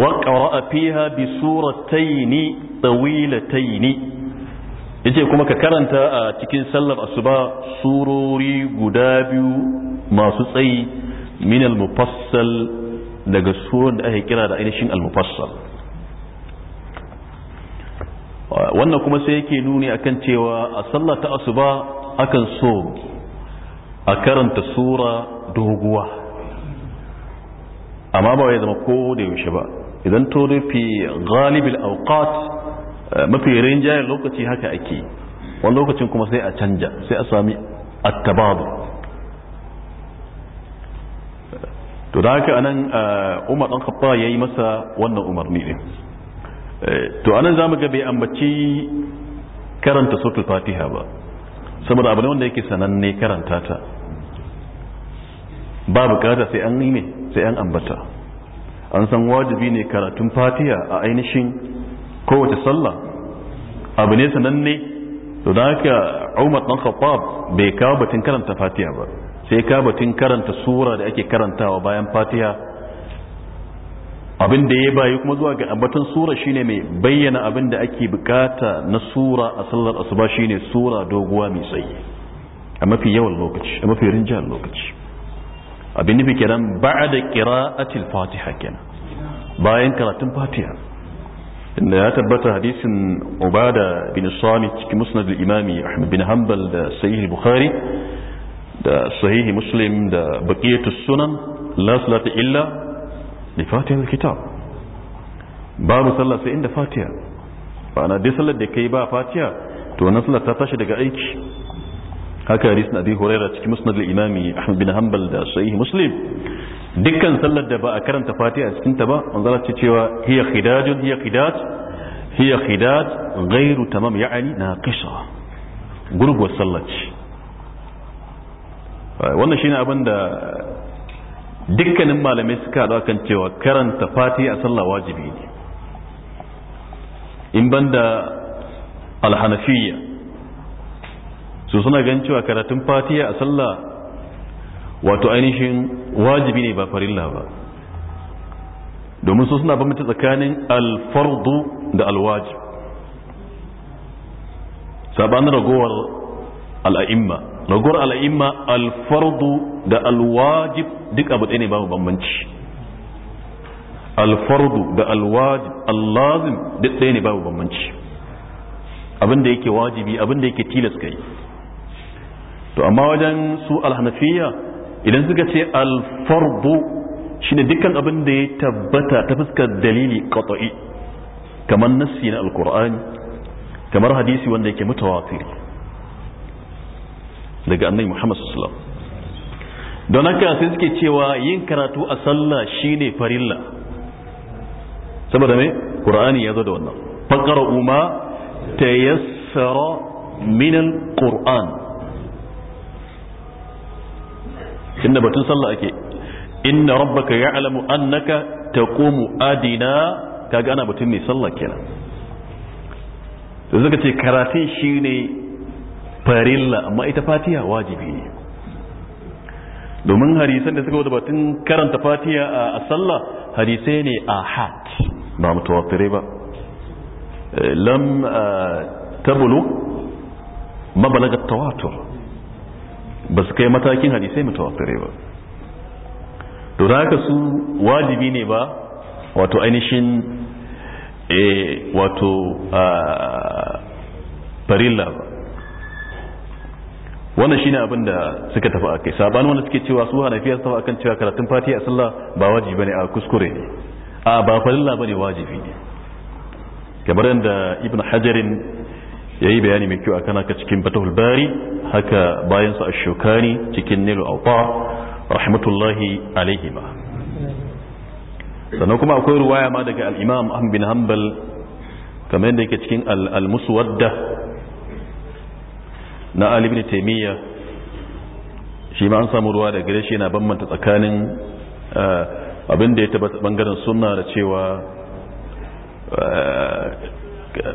wa qara'a fiha bi suratayn tawilatayn yace kuma ka karanta a cikin sallar asuba surori guda biyu masu tsayi min al-mufassal daga suron da ake kira da ainihin al-mufassal wannan kuma sai yake nuni akan cewa a sallar ta asuba akan so a karanta sura doguwa amma ba ya zama ko da yaushe ba idan to rufe galibil awqat mafi rinjayen lokaci haka ake wani lokacin kuma sai a canja sai a sami attabadu to da haka anan eh, umar dan ya yi masa wannan umarni ne eh, to anan zamu ga bai ambaci karanta suratul fatiha ba saboda abu ne wanda yake sananne karanta ta ba bukata sai an yi ne sai an ambata an san wajibi ne karatun fatiha a ainihin kowace sallah abu ne sananne to da haka umar dan khattab bai kawo batun karanta fatiha ba sai ka batun karanta sura da ake karantawa bayan fatiha abin da ya bayi kuma zuwa ga ambaton sura shine mai bayyana abin da ake bukata na sura a sallar asuba shine sura doguwa mai tsayi a mafi yawan lokaci a mafi rinjiyar lokaci abin nufi kenan ba'a da qira'atil fatiha kenan bayan karatun fatiha inda ya tabbata hadisin ubada bin sami cikin musnad imami ahmad bin hanbal da sahihi bukhari da sahihi muslim da baqiyatu sunan la salata illa li fatiha kitab babu sallah sai inda fatiha ba na dai sallar da kai ba fatiha to na sallar ta tashi daga aiki haka hadis na abi huraira cikin musnad al-imami ahmad bin hanbal da sahih muslim dukkan sallar da ba a karanta fatiha a cikin ta ba manzala ce cewa hiya khidajun hiya khidaj hiya khidaj ghairu tamam ya'ani naqisa gurguwar sallar ce wannan shine abin da dukkanin malamai suka haɗu kan cewa karanta fatiha a sallah wajibi ne in banda al-hanafiyya su suna gan cewa karatun Fatiya a sallah wato ainihin wajibi ne ba farilla ba domin su suna bambanta tsakanin alfardu da alwajib sabanin ragowar al'a'imma ragowar al'a'imma alfardu da alwajib duk abu ɗaya ne babu bambanci alfardu da alwajib allazim duk ɗaya ne babu bambanci abin da yake wajibi abin da yake tilas kai to amma wajen su alhanafiya idan suka ce alfarbu shine dukkan abin da ya tabbata ta fuskar dalili qat'i kamar nassi na alqur'ani kamar hadisi wanda yake mutawatir daga annabi Muhammad sallallahu don haka sai suke cewa yin karatu a sallah shine farilla saboda me qur'ani ya zo da wannan uma ma tayassara min alqur'an tunda batun sallah ake inna rabbaka ya'lamu annaka taqumu adina kaga ana batun mai sallah kenan to suka ce karatun shine farilla amma ita fatiha wajibi ne domin hadisan da suka wada batun karanta fatiha a sallah hadisai ne hat. ba mutawatire ba eh, lam eh, tabulu mabalagat tawatur ba su kai matakin hadisai mutawatirai ba to da haka su wajibi ne ba wato ainihin eh, wato farilla ba wannan shine abin da suka tafi a kai sabanin wanda suke cewa su hana fiye tafi akan cewa karatun Fati a sallah ba wajibi ne a kuskure ne a ba farilla ne wajibi ne kamar yadda ibn hajarin yayi bayani mai kyau akan haka cikin fatahul bari haka bayan su ashokani cikin nilu auta rahmatullahi alaihima sannan kuma akwai ruwaya ma daga al-imam ahmad bin hanbal kamar yadda yake cikin al-muswadda na ali bin shima shi ma an samu ruwa daga gare shi yana bambanta tsakanin eh, abinda ya tabbata bangaren sunna da cewa eh,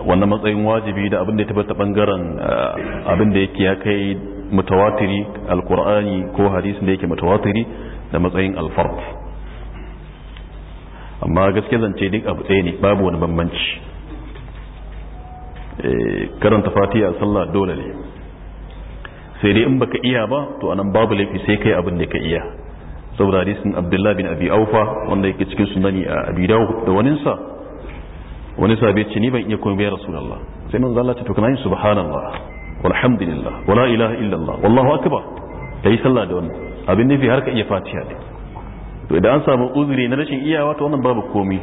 wannan matsayin wajibi da abin da ya tabbata bangaren eh, abin da yake ya kai mutawatiri alkur'ani ko hadisin da yake mutawatiri da matsayin alfarf amma gaske zance duk abu ɗaya ne babu wani bambanci eh, karanta a sallah dole ne sai dai in baka iya ba to anan babu laifi sai kai abin da ka iya saboda hadisin abdullahi bin abi aufa wanda yake cikin sunani a abi da waninsa wani sabi ce ni ban iya komai ya rasulullah sai manzo Allah ce to kana yin subhanallah walhamdulillah wala ilaha illallah wallahu akbar kai sallah da wannan abin nufi har ka iya fatiha ne to idan an samu uzuri na rashin iyawa to wannan babu komai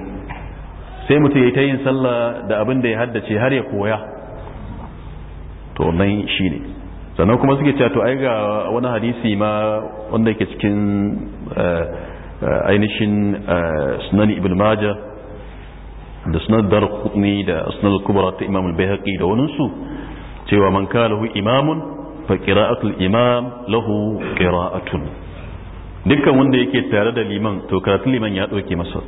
sai mutum ya ta yin sallah da abin da ya haddace har ya koya to wannan shine sannan kuma suke cewa to ai ga wani hadisi ma wanda yake cikin eh, eh, ainihin eh, sunan ibn majah da sunan dar kutni da sunan kubra ta imam al-bayhaqi da wani su cewa man kalahu imamun fa qira'atul imam lahu qira'atun dukkan wanda yake tare da liman to karatun liman ya dauke masa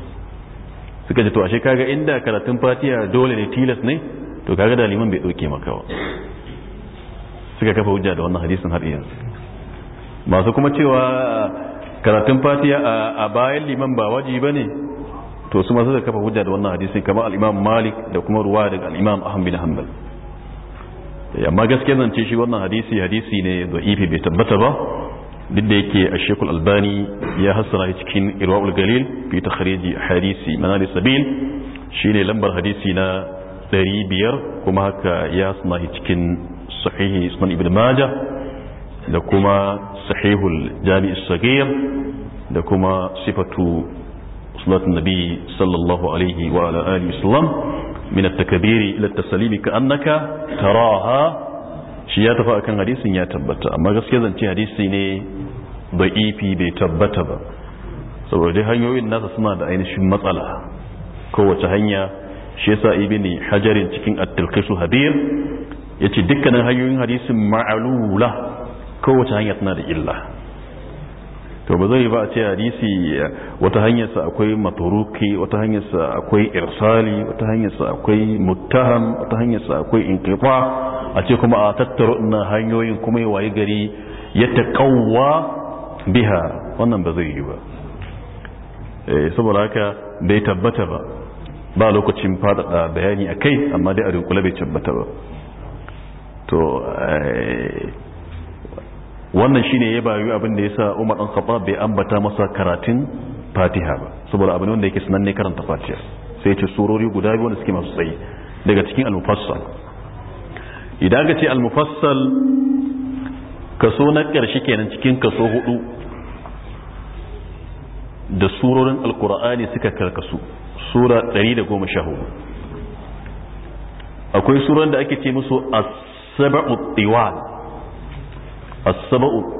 suka ce to ashe kaga inda karatun fatiha dole ne tilas ne to kaga da liman bai dauke maka ba suka kafa hujja da wannan hadisin har yanzu masu kuma cewa karatun fatiha a bayan liman ba wajibi bane to su ma suka kafa hujja da wannan hadisin kamar al-imam malik da kuma ruwa daga al-imam ahmad bin hanbal eh, amma gaskiya ce shi wannan hadisi hadisi ne da ifi bai tabbata ba duk da yake a shekul albani ya hassara cikin irwa'ul galil fi takhriji hadisi manali sabil shine lambar hadisi na 500 kuma haka ya hassara cikin sahihi sunan ibn majah da kuma sahihul jami'is sagir da kuma sifatu صلاة النبي صلى الله عليه وعلى آله وسلم من التكبير إلى التسليم كأنك تراها shi ya tafi akan hadisin ya tabbata amma gaskiya zance hadisi ne bai ifi bai tabbata ba saboda hanyoyin nasa suna da ainihin matsala kowace hanya shi yasa ibn hajarin cikin at habir yace dukkanin hanyoyin hadisin ma'alula kowace hanya suna da illa to ba zai ba a ce hadisi wata hanyarsa akwai maturuki wata hanyarsa akwai irsali wata hanyarsa akwai muttaham wata hanyarsa akwai inqifa a ce kuma a tattaro ina hanyoyin kuma ya wayi gari ya taqawwa biha wannan ba zai yi ba eh, saboda haka bai tabbata ba ba lokacin faɗaɗa bayani a kai amma dai a rinkula bai tabbata ba to eh, wannan shine ya bayu abin da yasa Umar dan Khattab bai ambata masa karatun Fatiha ba saboda abin wanda yake sananne karanta Fatiha sai ce surori guda biyu wanda suke masu tsayi daga cikin al-mufassal idan ka ce al-mufassal kaso na ƙarshe kenan cikin kaso hudu da surorin alkur'ani suka karkasu sura 114 akwai suran da ake ce musu as-sab'u tiwal as-sab'u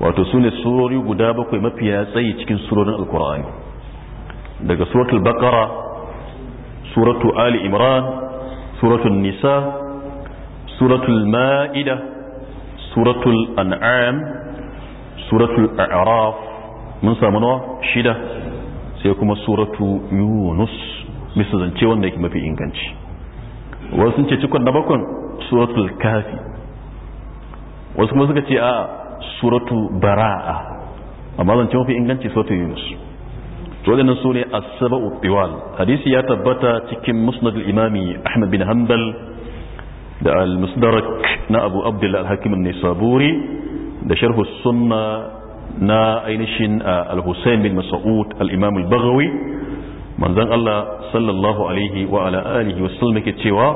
wato sune surori guda bakwai mafiya tsayi cikin surorin alkur'ani daga suratul bakara suratul ali imran suratul nisa suratul ma'ida suratul an'am suratul a'raf mun samu nawa shida sai kuma suratu yunus bisa zance wanda yake mafi inganci wasu sun ce cikon na bakon suratul kafi wasu kuma suka ce a suratu bara'a amma zan ce mafi inganci suratu yunus waɗannan su ne asaba ubiwal hadisi ya tabbata cikin musnad imami ahmad bin hanbal da al-musdarak na abu abdullah al-hakim an-nisaburi da sharh sunna na ainihin al-husayn bin mas'ud al-imam al-baghawi manzon Allah sallallahu alaihi wa ala alihi wa sallam yake cewa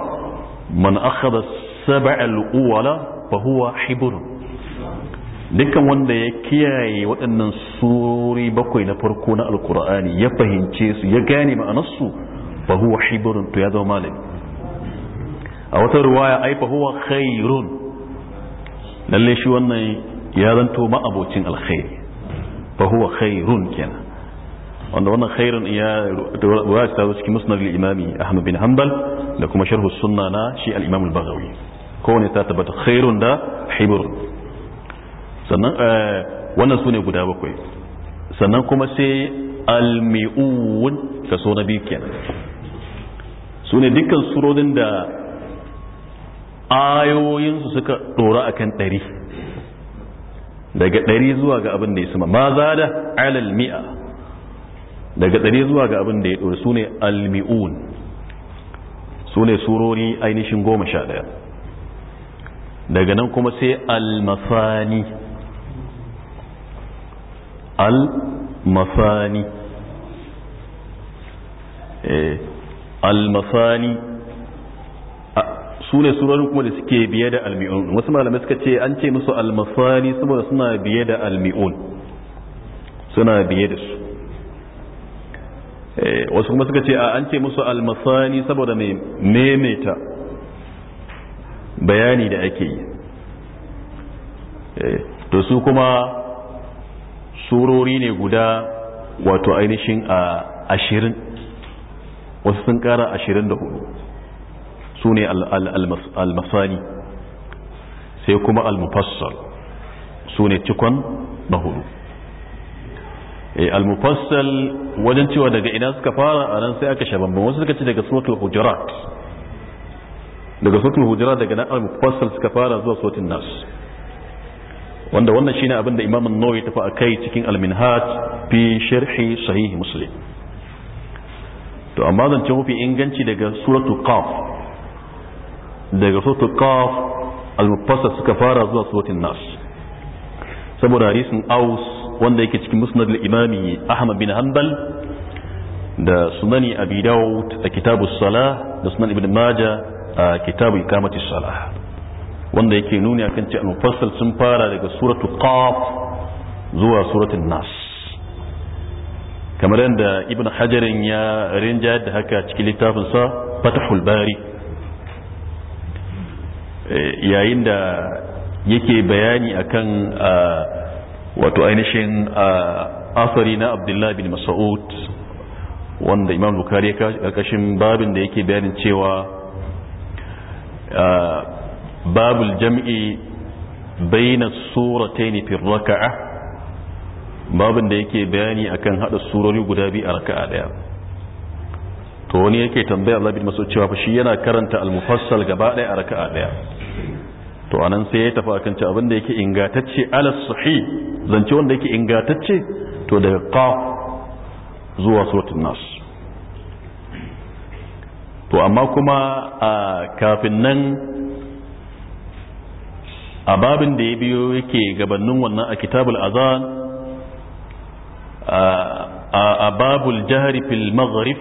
man akhadha sab'a al-awwala fa huwa hiburun dukkan wanda ya kiyaye waɗannan suri bakwai na farko na alkur'ani ya fahimce su ya gane ma'anarsu fa huwa hiburun to ya zama malami a wata ruwaya ai fa huwa khairun lalle shi wannan ya zanto ma'abocin alkhairi fa huwa khairun kenan wanda wannan khairun ya ruwaya ta zo cikin musnad al-imami ahmad bin hanbal da kuma sharh sunna na shi al-imam al-baghawi kowane ta tabbata khairun da hibrun sannan eh, wannan su ne guda bakwai sannan kuma sai almi'un kaso na biyu kenan su ne dukkan surorin da ayoyinsu suka dora akan ɗari daga ɗari zuwa ga abin da ya sama ma za da alal daga ɗari zuwa ga abin da ya ɗora su ne almi'un su ne surori ainihin goma sha ɗaya daga nan kuma sai al-mafani al-mafani eh, al-mafani su ne surorin kuma da suke biye da almi'un wasu malamai suka ce an ce musu al-mafani saboda suna biye da almi'un suna biye da su eh, wasu kuma suka ce an ce musu al-mafani saboda mai maimaita bayani da ake yi eh, to su kuma surori ne guda wato ainihin a ashirin wasu sun kara ashirin da hudu su ne almasani sai kuma almufassal su ne cikon na hudu eh, almufassal wajen cewa daga ina suka fara a nan sai aka shabamban wasu suka ce daga suratul hujurat daga sautin hujira daga na al-mufassal suka fara zuwa sautin wanda wannan shine abin da imam an-nawawi tafi akai cikin al-minhaj fi sharhi sahih muslim to amma zance mafi inganci daga suratul qaf daga suratul qaf al-mufassal suka fara zuwa sautin nas saboda hadisin aus wanda yake cikin musnad al-imami ahmad bin hanbal da sunani abi a kitabus salah da sunan ibn majah kitabu ikamati salah wanda yake nuni akan ce mufassal sun fara daga suratu qaf zuwa suratul nas kamar yadda ibn hajarin ya rinja da haka cikin littafin sa fatahul bari eh, yayin da yake bayani akan wato ainihin asari na abdullahi bin mas'ud wanda imam bukari ya karkashin babin da yake bayanin cewa باب الجمع بين السورتين في الركعة باب da yake bayani akan hada surori guda biyu a raka'a daya to wani yake tambaya Allah bin maso cewa shi yana karanta al-mufassal gaba daya a raka'a daya to anan sai ya tafi akan cewa abinda yake ingatacce ala sahi zance wanda yake ingatacce to daga qaf zuwa suratul nas to amma kuma a kafin nan a babin da ya biyo yake gabanin wannan a kitabul azan a babul jahari fil maghrib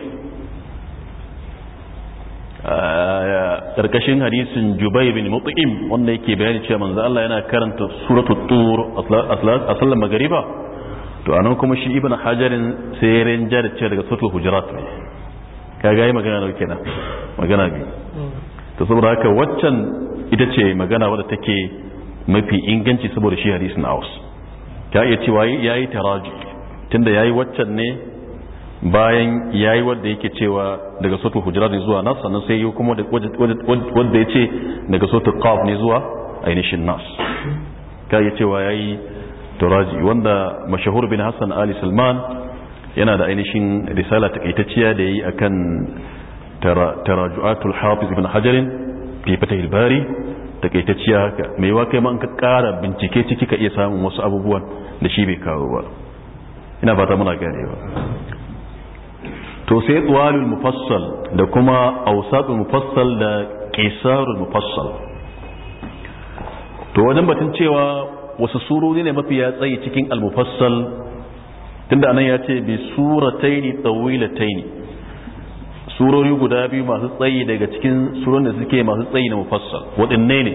karkashin hadisin jubai bin mut'im wanda yake bayani cewa manzo Allah yana karanta suratul tur a sallar magariba to anan kuma shi ibn hajarin sai ya rinjar daga suratul hujurat ne ka ga yi magana nau kenan magana biyu to saboda haka waccan ita ce magana wadda take mafi inganci saboda shi hadisin aus ka iya cewa ya yi taraji tunda ya yi waccan ne bayan ya yi wadda yake cewa daga sautu hujjar zuwa nas sannan sai yi kuma wadda ya ce daga sautu qaf ne zuwa ainihin nas ka iya cewa ya yi taraji wanda mashahur bin hassan ali salman yana da ainihin risala takaitacciya da yi akan taraju'atul hafiz ibn hajarin fifita fatahil hilbari takaitacciya haka mai wa kai ka kara bincike ciki ka iya samun wasu abubuwan da shi bai kawo ba ina fata muna gane ba to sai tsuwalul mufassal da kuma ausatul mufassal da qisarul mufassal to wajen batun cewa wasu surori ne mafi ya tsaye cikin al-mufassal tunda anan ya ce bi tsawilatai tawilataini surori guda biyu masu tsayi daga cikin surorin da suke masu tsayi na mufassal waɗanne ne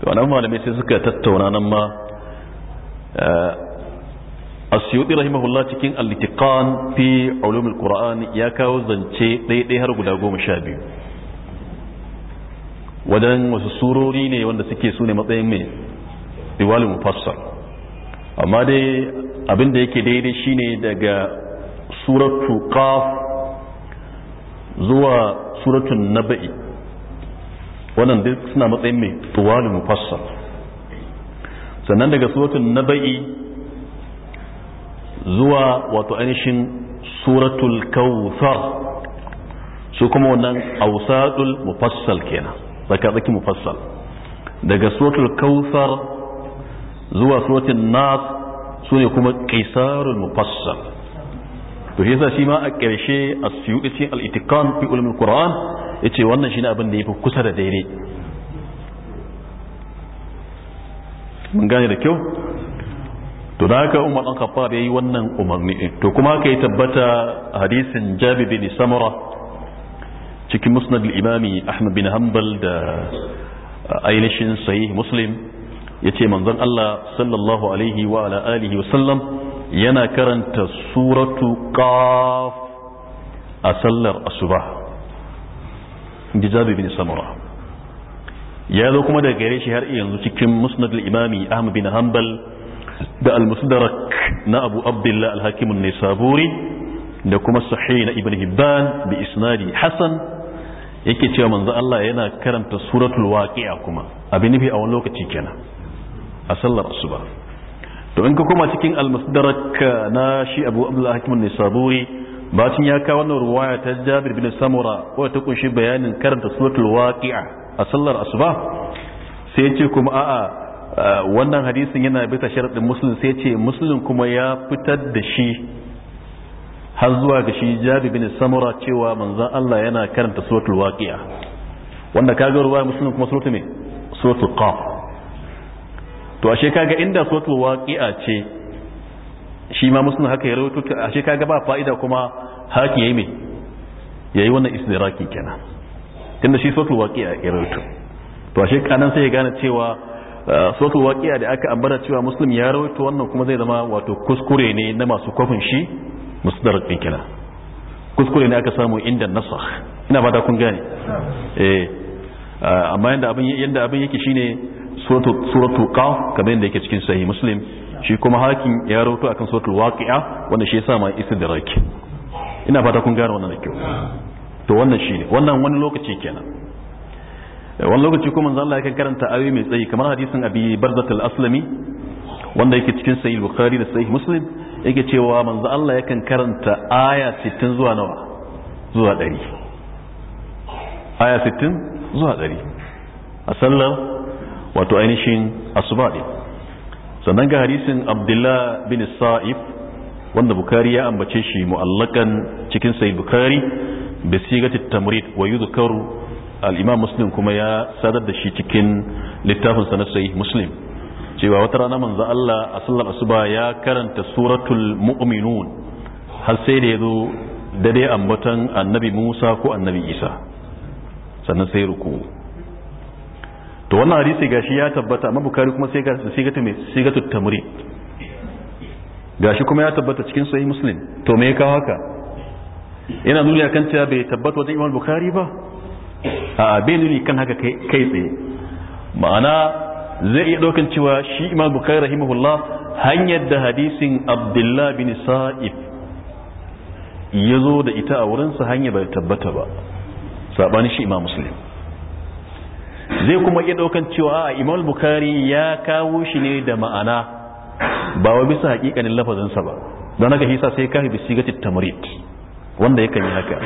to anan malamai sai suka tattauna nan ma eh, asyuti rahimahullah cikin al-tiqan fi ulumul qur'an ya kawo zance ɗaiɗai har guda goma sha biyu wajen wasu surori ne wanda suke su ne matsayin mai iwali mufassal amma dai Abin da yake daidai shine daga suratu qaf zuwa suratun naba'i wannan duk suna matsayin mai tuwali mufassal sannan daga suratun naba'i zuwa wato ainihin suratul kawthar su kuma wannan ausadul mufassal kenan tsaka-tsaki mufassal daga suratul kawthar zuwa suratul nas su ne kuma qisarul mufassal to yasa shi ma a ƙarshe a suyuti cikin al-itiqan fi ulumul qur'an yace wannan shine abin da yafi kusa da daidai mun gane da kyau to da haka umar dan ya yi wannan umarni to kuma haka yi tabbata a hadisin jabi bin samura cikin musnad imami ahmad bin hanbal da ainihin sahih muslim ya ce manzon Allah sallallahu alaihi wa ala alihi wa sallam yana karanta suratu qaf a sallar asuba inji bin samura ya zo kuma daga gare shi har yanzu cikin musnad al-imami ahmad bin hanbal da al-musdarak na abu abdullah al-hakim an-nisaburi da kuma sahih na ibn hibban bi isnadi hasan yake cewa manzo Allah yana karanta suratul waqi'a kuma abin nufi a wani lokaci kenan a sallar asuba to in ka koma cikin almasdarak na shi abu abdullahi hakim ne saburi bacin ya kawo wannan ruwaya ta jabir bin samura wadda ta kunshi bayanin karanta suratul waqi'a a sallar asuba sai ya ce kuma a'a wannan hadisin yana bisa sharadin muslim sai ya ce muslim kuma ya fitar da shi har zuwa ga shi jabir bin samura cewa manzon Allah yana karanta suratul waqi'a wanda kaga ruwaya muslim kuma suratul ne suratul qaf to ashe kaga inda suratul waqi'a ce shi ma muslim haka ya rawaito ashe kaga ba fa'ida kuma haki yayi me yayi wannan istidraki kenan tunda shi suratul waqi'a ya rawaito to ashe kanan sai ya gane cewa uh, suratul waqi'a da aka ambara cewa muslim ya rawaito wannan kuma zai zama wato kuskure ne na masu kofin shi da rufin kenan kuskure ne aka samu inda nasakh ina ba da kun gane eh uh, amma yanda abin yanda abin yake shine suratul qaf kamar yadda yake cikin sahih muslim shi kuma hakin ya rawato akan suratul waqi'a wanda shi yasa ma istidrak ina fata kun gane wannan da kyau to wannan shine wannan wani lokaci kenan wani lokaci kuma manzo Allah yakan karanta ayoyi mai tsayi kamar hadisin Abi barzatul aslami wanda yake cikin sahih Bukhari da sahih Muslim yake cewa manzo Allah yakan karanta aya 60 zuwa nawa zuwa 100 aya 60 zuwa 100 a sallar wato ainihin asuba din sannan ga hadisin abdullah bin sa'ib wanda bukari ya ambace shi mu'allakan cikin sai bukari da sigati tamrid wa yudhkaru al-imam muslim kuma ya sadar da shi cikin littafin sa na sai muslim cewa wata rana manzo Allah a sallar asuba ya karanta suratul mu'minun har sai da ya zo dai ambatan annabi Musa ko annabi Isa sannan sai ruku to wannan hadisi gashi ya tabbata amma bukari kuma sai ga sigatu mai sigatu gashi kuma ya tabbata cikin sahih muslim to me ya kawo haka ina nuni akan cewa bai tabbata wajen imam bukari ba a bai nuni kan haka kai tsaye ma'ana zai iya ɗaukan cewa shi imam bukari rahimahullah hanyar da hadisin Abdullahi bin sa'ib ya zo da ita a wurinsa hanyar bai tabbata ba saɓani shi imam muslim zai kuma iya ɗaukan cewa a imam bukari ya kawo shi ne da ma'ana ba wa bisa hakikanin lafazinsa ba don haka hisa sai kahi bisi ga tamarit wanda yakan yi haka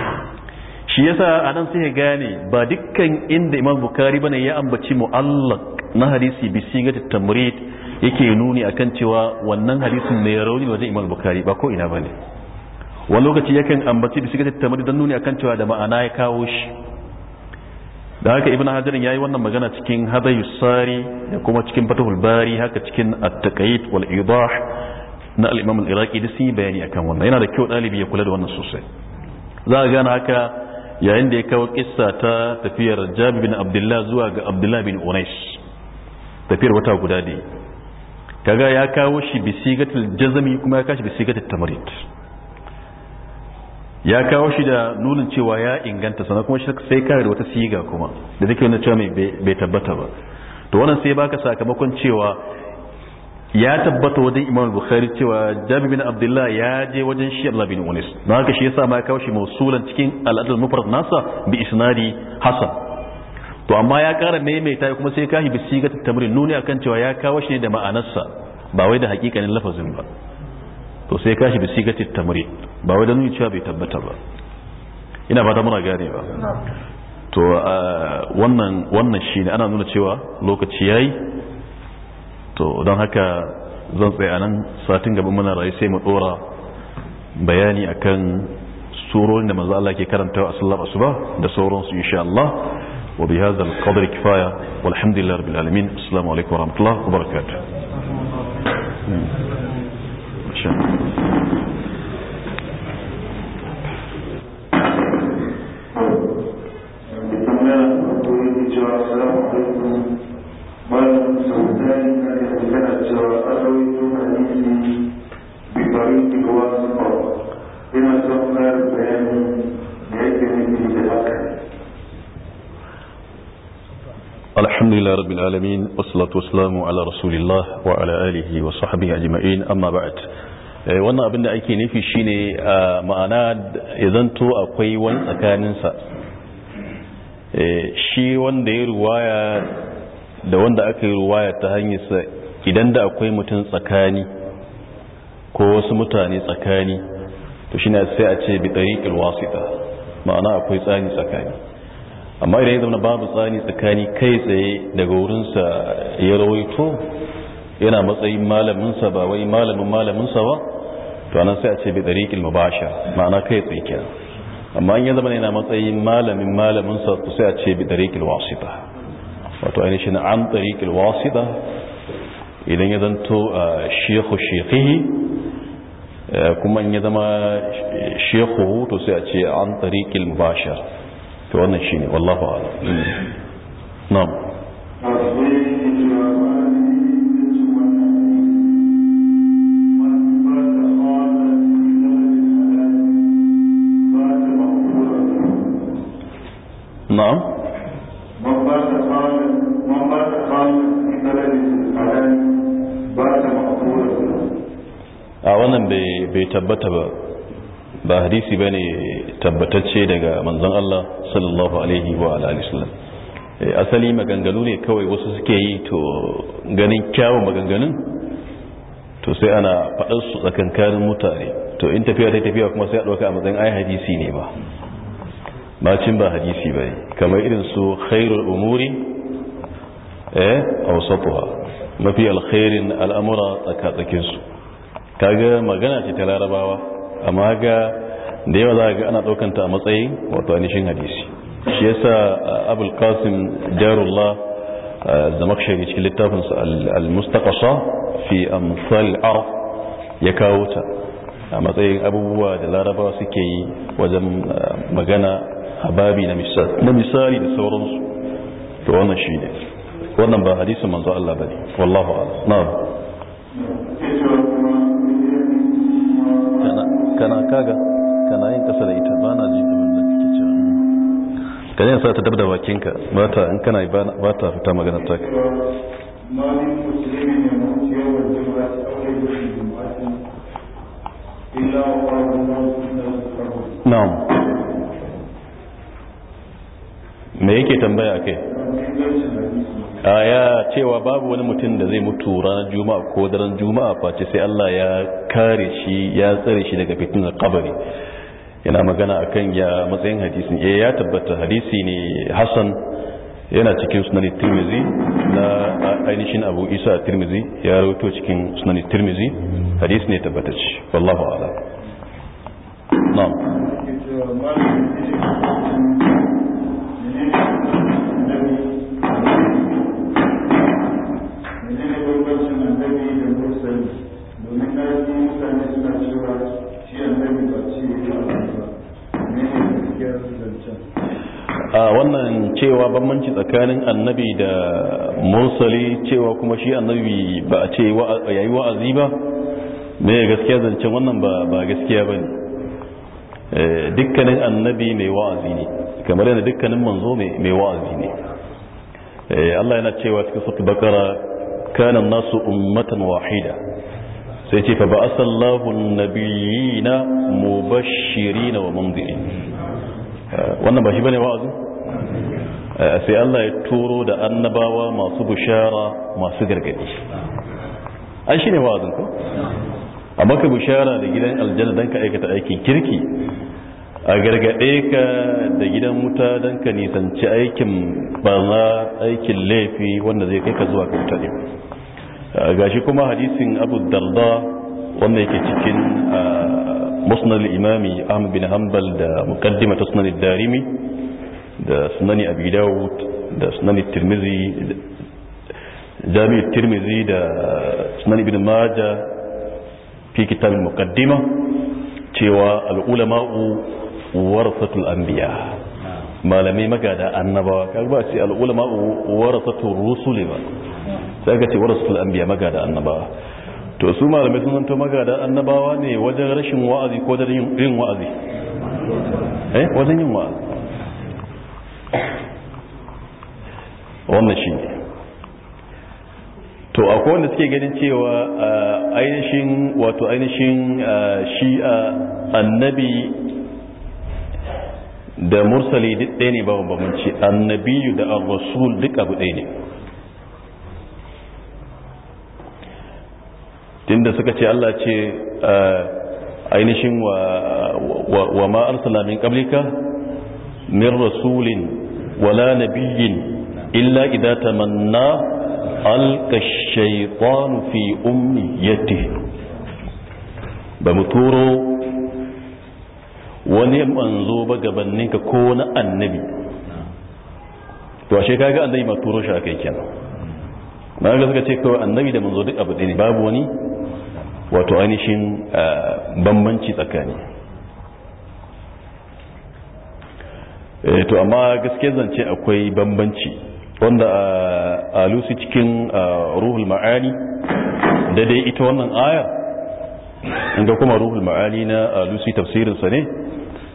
shi yasa a nan sai gane ba dukkan inda imam bukari bane ya ambaci mu'allak na hadisi bisi ga tamarit yake nuni akan cewa wannan hadisin mai rauni wajen imam bukari ba ko ina ba ne. wani lokaci yakan ambaci bisi ga tamarit don nuni akan cewa da ma'ana ya kawo shi da haka ibn hajarin yayi wannan magana cikin hadayu sari da kuma cikin fatahul bari haka cikin at-taqayid wal idah na al-imam al-iraqi da sun bayani akan wannan yana da kyau dalibi ya kula da wannan sosai za a gane haka yayin da ya kawo kissa ta tafiyar jabir bin abdullah zuwa ga abdullah bin unais tafiyar wata guda ta kaga ya kawo shi bisigatul jazami kuma ya kashe bisigatul tamrid ya kawo shi da nunin cewa ya inganta sana kuma sai kare da wata siga kuma da zai wani cewa bai tabbata ba to wannan sai baka sakamakon cewa ya tabbata wajen imam bukhari cewa jami bin Abdullahi ya je wajen shi abdullah bin unis Na haka shi yasa ma ya kawo shi mausulan cikin al'adar mufrad nasa bi isnadi hasan to amma ya kara maimaita kuma sai kashi bi siga tamrin nuni akan cewa ya kawo shi ne da ma'anarsa ba wai da hakikanin lafazin ba to sai kashi bi sigatit tamri ba wai nuni cewa bai tabbata ba ina ba ta muna gane ba to ah, wannan wannan shine ana nuna cewa lokaci yayi to don haka zan tsaya nan satin gaban muna rayu sai mu dora bayani akan surorin da manzo Allah ke karanta a sallar asuba da sauransu insha Allah wa bi hadha al-qadr kifaya walhamdulillahi rabbil alamin assalamu alaikum wa rahmatullahi wa barakatuh hmm. لله رب العالمين والصلاة والسلام على رسول الله وعلى آله وصحبه أجمعين أما بعد wannan abin da ake nufi shine ma'ana idan izanto akwai wani tsakaninsa shi wanda ya ruwaya da wanda aka yi ruwaya ta hanyarsa idan da akwai mutum tsakani ko wasu mutane tsakani to shine sai a ce bi tariqil wasita ma'ana akwai tsani tsakani amma idan ya zama babu tsani tsakani kai tsaye daga wurinsa ya rawaito yana matsayin malaminsa ba wai malamin malaminsa ba to anan sai a ce bi tsariƙil mubasha ma'ana kai tsaye kenan amma in ya zama yana matsayin malamin malaminsa to sai a ce bi tsariƙil wasita wato ainihin an tsariƙil wasita idan ya zanto shehu shekihi kuma in ya zama shehu to sai a ce an tsariƙil mubashar to wannan shine wallahu a'lam na'am نعم a wannan bai tabbata ba ba hadisi ba ne tabbatacce daga manzon Allah sallallahu alaihi wa alihi wasallam eh, asali maganganu ne kawai wasu suke yi to ganin kyawun maganganun to sai ana faɗar su tsakankanin mutane to in tafiya ta tafiya kuma sai a ɗauka a matsayin ai hadisi ne ba cin ba hadisi ba kamar irin su khairul umuri eh awsatuha mafi alkhairin al'amura tsakatsakin su kaga magana ce ta larabawa amma ga da yawa za ga ana ɗaukanta a matsayi wato ainihin hadisi shi yasa abul qasim darullah zamakshari cikin littafin littafinsa al-mustaqasha fi amsal ar ya kawo ta a matsayin abubuwa da larabawa suke yi wajen magana a babi na misali da sauransu to wannan shi ne wannan ba hadisin manzo Allah bane wallahu a'lam na'am kana kaga kana yin kasa da ita ba na jin abin da kake cewa ka yin sa ta dab da bakinka ba ta in kana ba ta fita magana ta ka na'am me yake tambaya kai ya cewa babu wani mutum da zai mutu ranar juma'a ko daren juma'a face sai Allah ya kare shi ya tsare shi daga fitinar kabari yana magana akan ya matsayin hadisin eh ya tabbata hadisi ne Hassan yana cikin sunan tirmizi na ainihin abu isa tirmizi ya rawaito cikin sunan tirmizi hadisi ne tabbatacce wallahu a'lam na'am a wannan cewa bambanci tsakanin annabi da mursali cewa kuma shi annabi ba a ce yayi wa'azi ba ne gaskiya zancen wannan ba gaskiya ba ne eh, dukkanin annabi mai wa'azi ne kamar yana dukkanin manzo mai wa'azi ne eh, Allah yana cewa cikin suka bakara kanan nasu ummatan wahida sai ce fa ba'asa Allahun nabiyina mubashirina wa mundirin eh, wannan ba shi bane wa'azi Eh, sai Allah ya turo da annabawa masu bushara masu gargadi an shine wa'azin a maka bushara da gidan aljanna don ka aikata aikin kirki a gargade ka da gidan wuta don ka nisanci aikin bana aikin laifi wanda zai kai ka zuwa ka eh, Ga shi kuma hadisin abu darda wanda yake cikin eh, musnad imami ahmad bin Hambal da ta sunan darimi da sunani abi dawud da sunani tirmizi jami'ar tirmizi da sunani ibn maja fi kitabin muqaddima cewa al'ulama'u warasatul anbiya malamai magada annabawa kaga ba ce al'ulama'u warasatul rusuli ba sai ka ce warasatul anbiya magada annabawa to su malamai sun zanto magada annabawa ne wajen rashin wa'azi ko da yin wa'azi eh wajen yin wa'azi wannan shi ne to akwai wanda suke ganin cewa ainihin wato ainihin shi annabi da mursali duk ɗaya ne babu bambanci annabiyu da rasul duk abu ɗaya ne tunda suka ce Allah ce ainihin wa ma arsala min qablika min rasulin wala nabiyyin illa idza tamanna alqa shaytanu fi umniyatihi ba mu turo wani manzo ba gabanin ka ko wani annabi to ashe kaga annabi ma turo shi akai kenan na ga suka ce kawai annabi da manzo duk abu ɗaya ne babu wani wato ainihin bambanci tsakani to amma gaske zance akwai bambanci wanda a lusi cikin ruhul ma'ani da ita wannan ayar inda kuma ruhul ma'ani na lusi tafsirinsa ne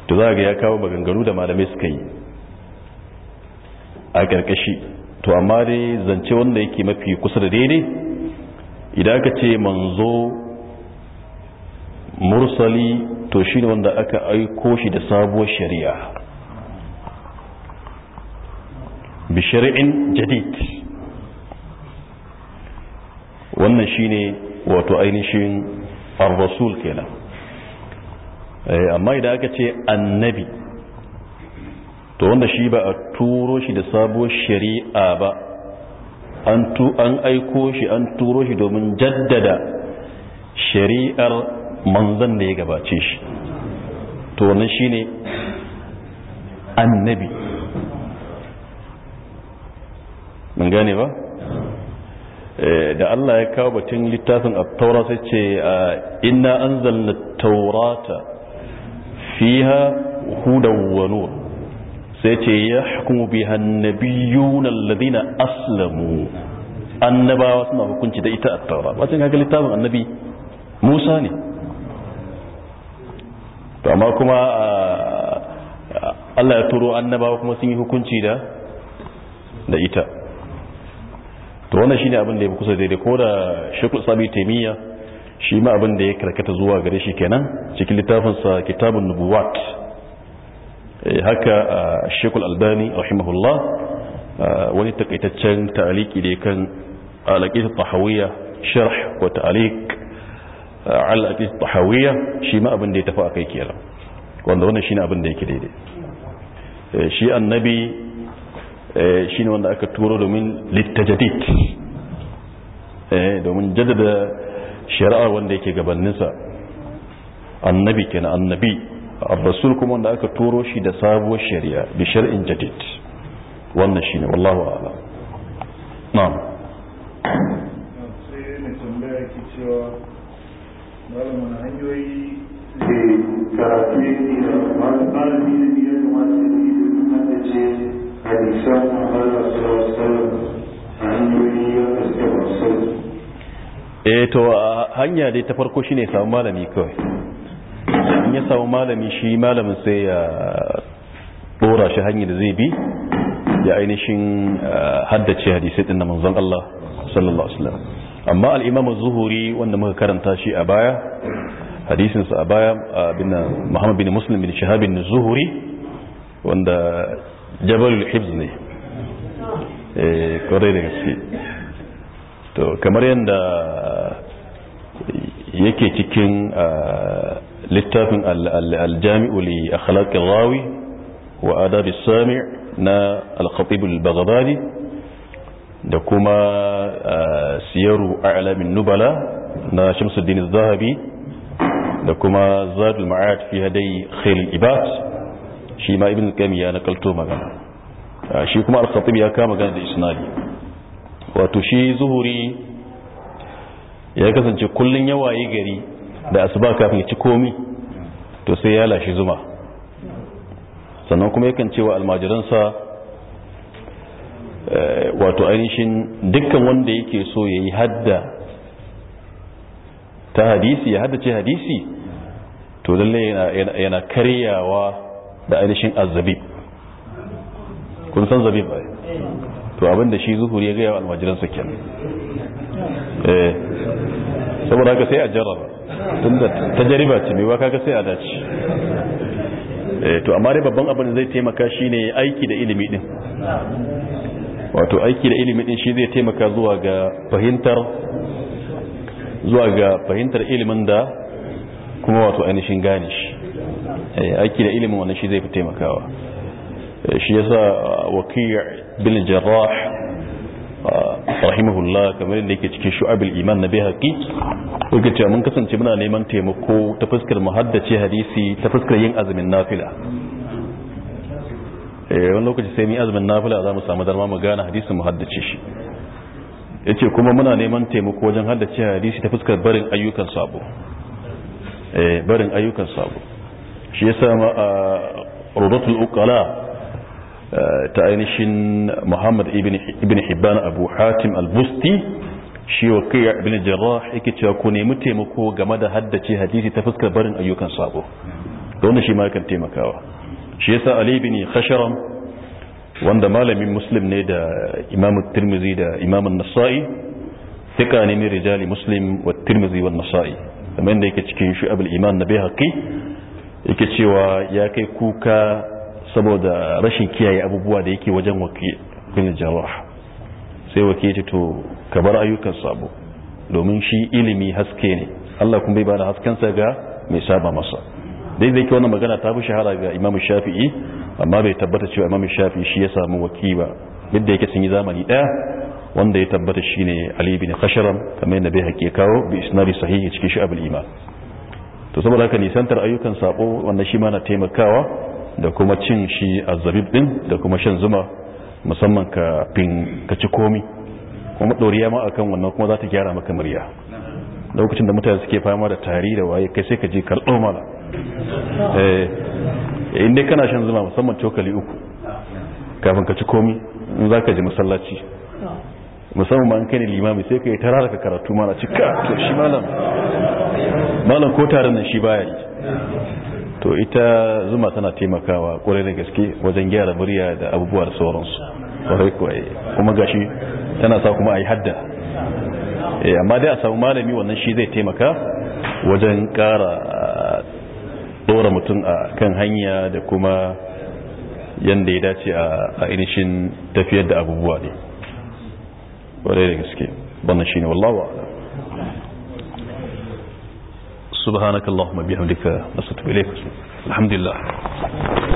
to za ga ya kawo maganganu da malamai suka yi a ƙarƙashi to amma dai zance wanda yake mafi kusa da daidai idan aka ce manzo mursali to shine wanda aka aiko shi da sabuwar shari'a bishari'in in jadid wannan shine wato ainihin ar-rasul kenan eh, amma idan aka ce annabi to wanda shi ba a turo shi da sabuwar shari'a ba an aiko shi an turo shi domin jaddada shari'ar manzan da ya gabace shi to wannan shine annabi mun gane ba eh, da Allah ya kawo batun littafin at-taura sai ce inna anzalna at-taurata fiha hudan wa nur sai ce yahkumu biha an-nabiyyuna alladhina aslamu annabawa suna hukunci da ita at-taura ba cin kaga littafin annabi Musa ne to amma kuma Allah ya turo annabawa kuma sun yi hukunci da da ita to wannan shine abin da ya kusa daidai ko da shekul sami taimiyya shi ma abin da ya karkata zuwa gare shi kenan cikin littafinsa kitabun nubuwat eh, haka shekul albani rahimahullah wani takaitaccen ta'aliki da kan alaƙi tahawiyya sharh wa ta'alik alaƙi tahawiyya shi ma abin da ya tafi a kai kenan wanda wannan shine abin da yake daidai eh, shi annabi Eh, shi ne wanda aka turo domin littajadid eh, domin jaddada shari'a wanda yake gabaninsa annabi kenan annabi abbasul kuma wanda aka turo shi da sabuwar shari'a bi shar'in jadid wannan shine wallahu a'lam na'am sai ne tambaya ki cewa malamin hanyoyi da karatu yake da malamin da ya kamata ya yi da haddace hadisan Allah eh, a da wasu hanya dai ta farko shine samu malami kawai in ya samu malami shi malamin sai ya dora shi hanyar da zai bi ya ainihin eh, haddace hadisai din na manzon Allah sallallahu alaihi wasallam amma al-imam az-zuhuri wanda muka karanta shi a baya hadisin sa a baya bin Muhammad bin Muslim bin Shahab bin Zuhuri wanda jabalul hibs ne eh, kwarai da gaske to kamar yadda yake cikin ah, littafin aljami'u li akhlaqir rawi wa adabi sami' na al-khatib da kuma ah, siyaru a'lamin nubala na shamsuddin zahabi da kuma zadul ma'ad fi hadai khairul ibad shi ma ibn al ya nakalto magana shi kuma al-khatib ya kama magana da isnadi wato shi zuhuri ya kasance kullun ya waye gari da asuba kafin ya ci komi to sai ya lashe zuma sannan kuma yakan cewa almajiransa eh, wato ainihin dukkan wanda yake so ya yi hadda ta hadisi ya haddace hadisi to lallai yana karyawa da ainihin azzabib kun san zabib ba to abinda shi zuhuri ya gaya wa almajiransa kenan eh saboda haka sai a jarraba tunda tajriba ce mai waka ka sai a dace eh to amma dai babban abin da zai taimaka shine aiki da ilimi din wato aiki da ilimi din shi zai taimaka zuwa ga fahimtar zuwa ga fahimtar ilimin da kuma wato ainihin gane shi Eh, aiki da ilimin wannan shi zai fi taimakawa eh, shi sa uh, wakiyar bin jarrah uh, rahimahullah kamar da yake cikin shu'abil iman na bai haƙi yake cewa mun kasance muna neman taimako ta fuskar muhaddace hadisi ta fuskar yin azumin nafila eh, wani lokaci sai mu azumin nafila za mu samu darma mu gane hadisin mu shi shi ce kuma muna neman taimako wajen haddace hadisi ta fuskar barin ayyukan sabo barin ayyukan sabo shi yasa ma rudatul uqala ta ainihin muhammad ibn hibban abu hatim al-busti shi wa kai ibn jarrah yake cewa ku nemi taimako game da haddace hadisi ta fuskar barin ayyukan sabo don shi ma kan taimakawa shi yasa ali ibn khasharam wanda malamin muslim ne da imam tirmizi da imam nasai thika ne min rijali muslim wa tirmizi wa nasai kamar yake cikin shu'ab iman na bayhaqi yake cewa ya kai kuka saboda rashin kiyaye abubuwa da yake wajen wakilin jarrah sai wakili to ka bar ayyukan sabo domin shi ilimi haske ne Allah kuma bai ba da haskensa ga mai saba masa dai zai ke wannan magana ta fi shahara ga imam shafi'i amma bai tabbata cewa imam shafi'i shi ya samu waki ba yadda yake sun yi zamani daya wanda ya tabbata shine ali na khasharam kamar yadda bai haƙe kawo bi isnadi sahihi cikin shi abul iman to saboda haka nisantar ayyukan sabo wannan shi ma na taimakawa da kuma cin shi zabib din da kuma shan zuma musamman kafin ka ci komi kuma doriya ma akan wannan kuma za ta gyara maka murya lokacin da mutane suke fama da tari da waye kai sai ka je kalɗo mala eh in kana shan zuma musamman cokali uku kafin ka ci komi in za ka ji masallaci musamman kai ne limami sai ka yi tara daga karatu mana cika to shi malam malam ko tare nan shi baya yi to ita zuma tana taimakawa kwarai da gaske wajen gyara murya da abubuwa da sauransu kwarai kwarai eh. kuma gashi tana sa kuma a yi hadda eh, amma dai a samu malami wannan shi zai taimaka wajen kara dora ah, mutum a kan hanya da kuma yadda ya dace a inishin tafiyar da abubuwa ne وليلك مسكين بنشيني والله أعلم سبحانك اللهم بحمدك نصت إليك الحمد لله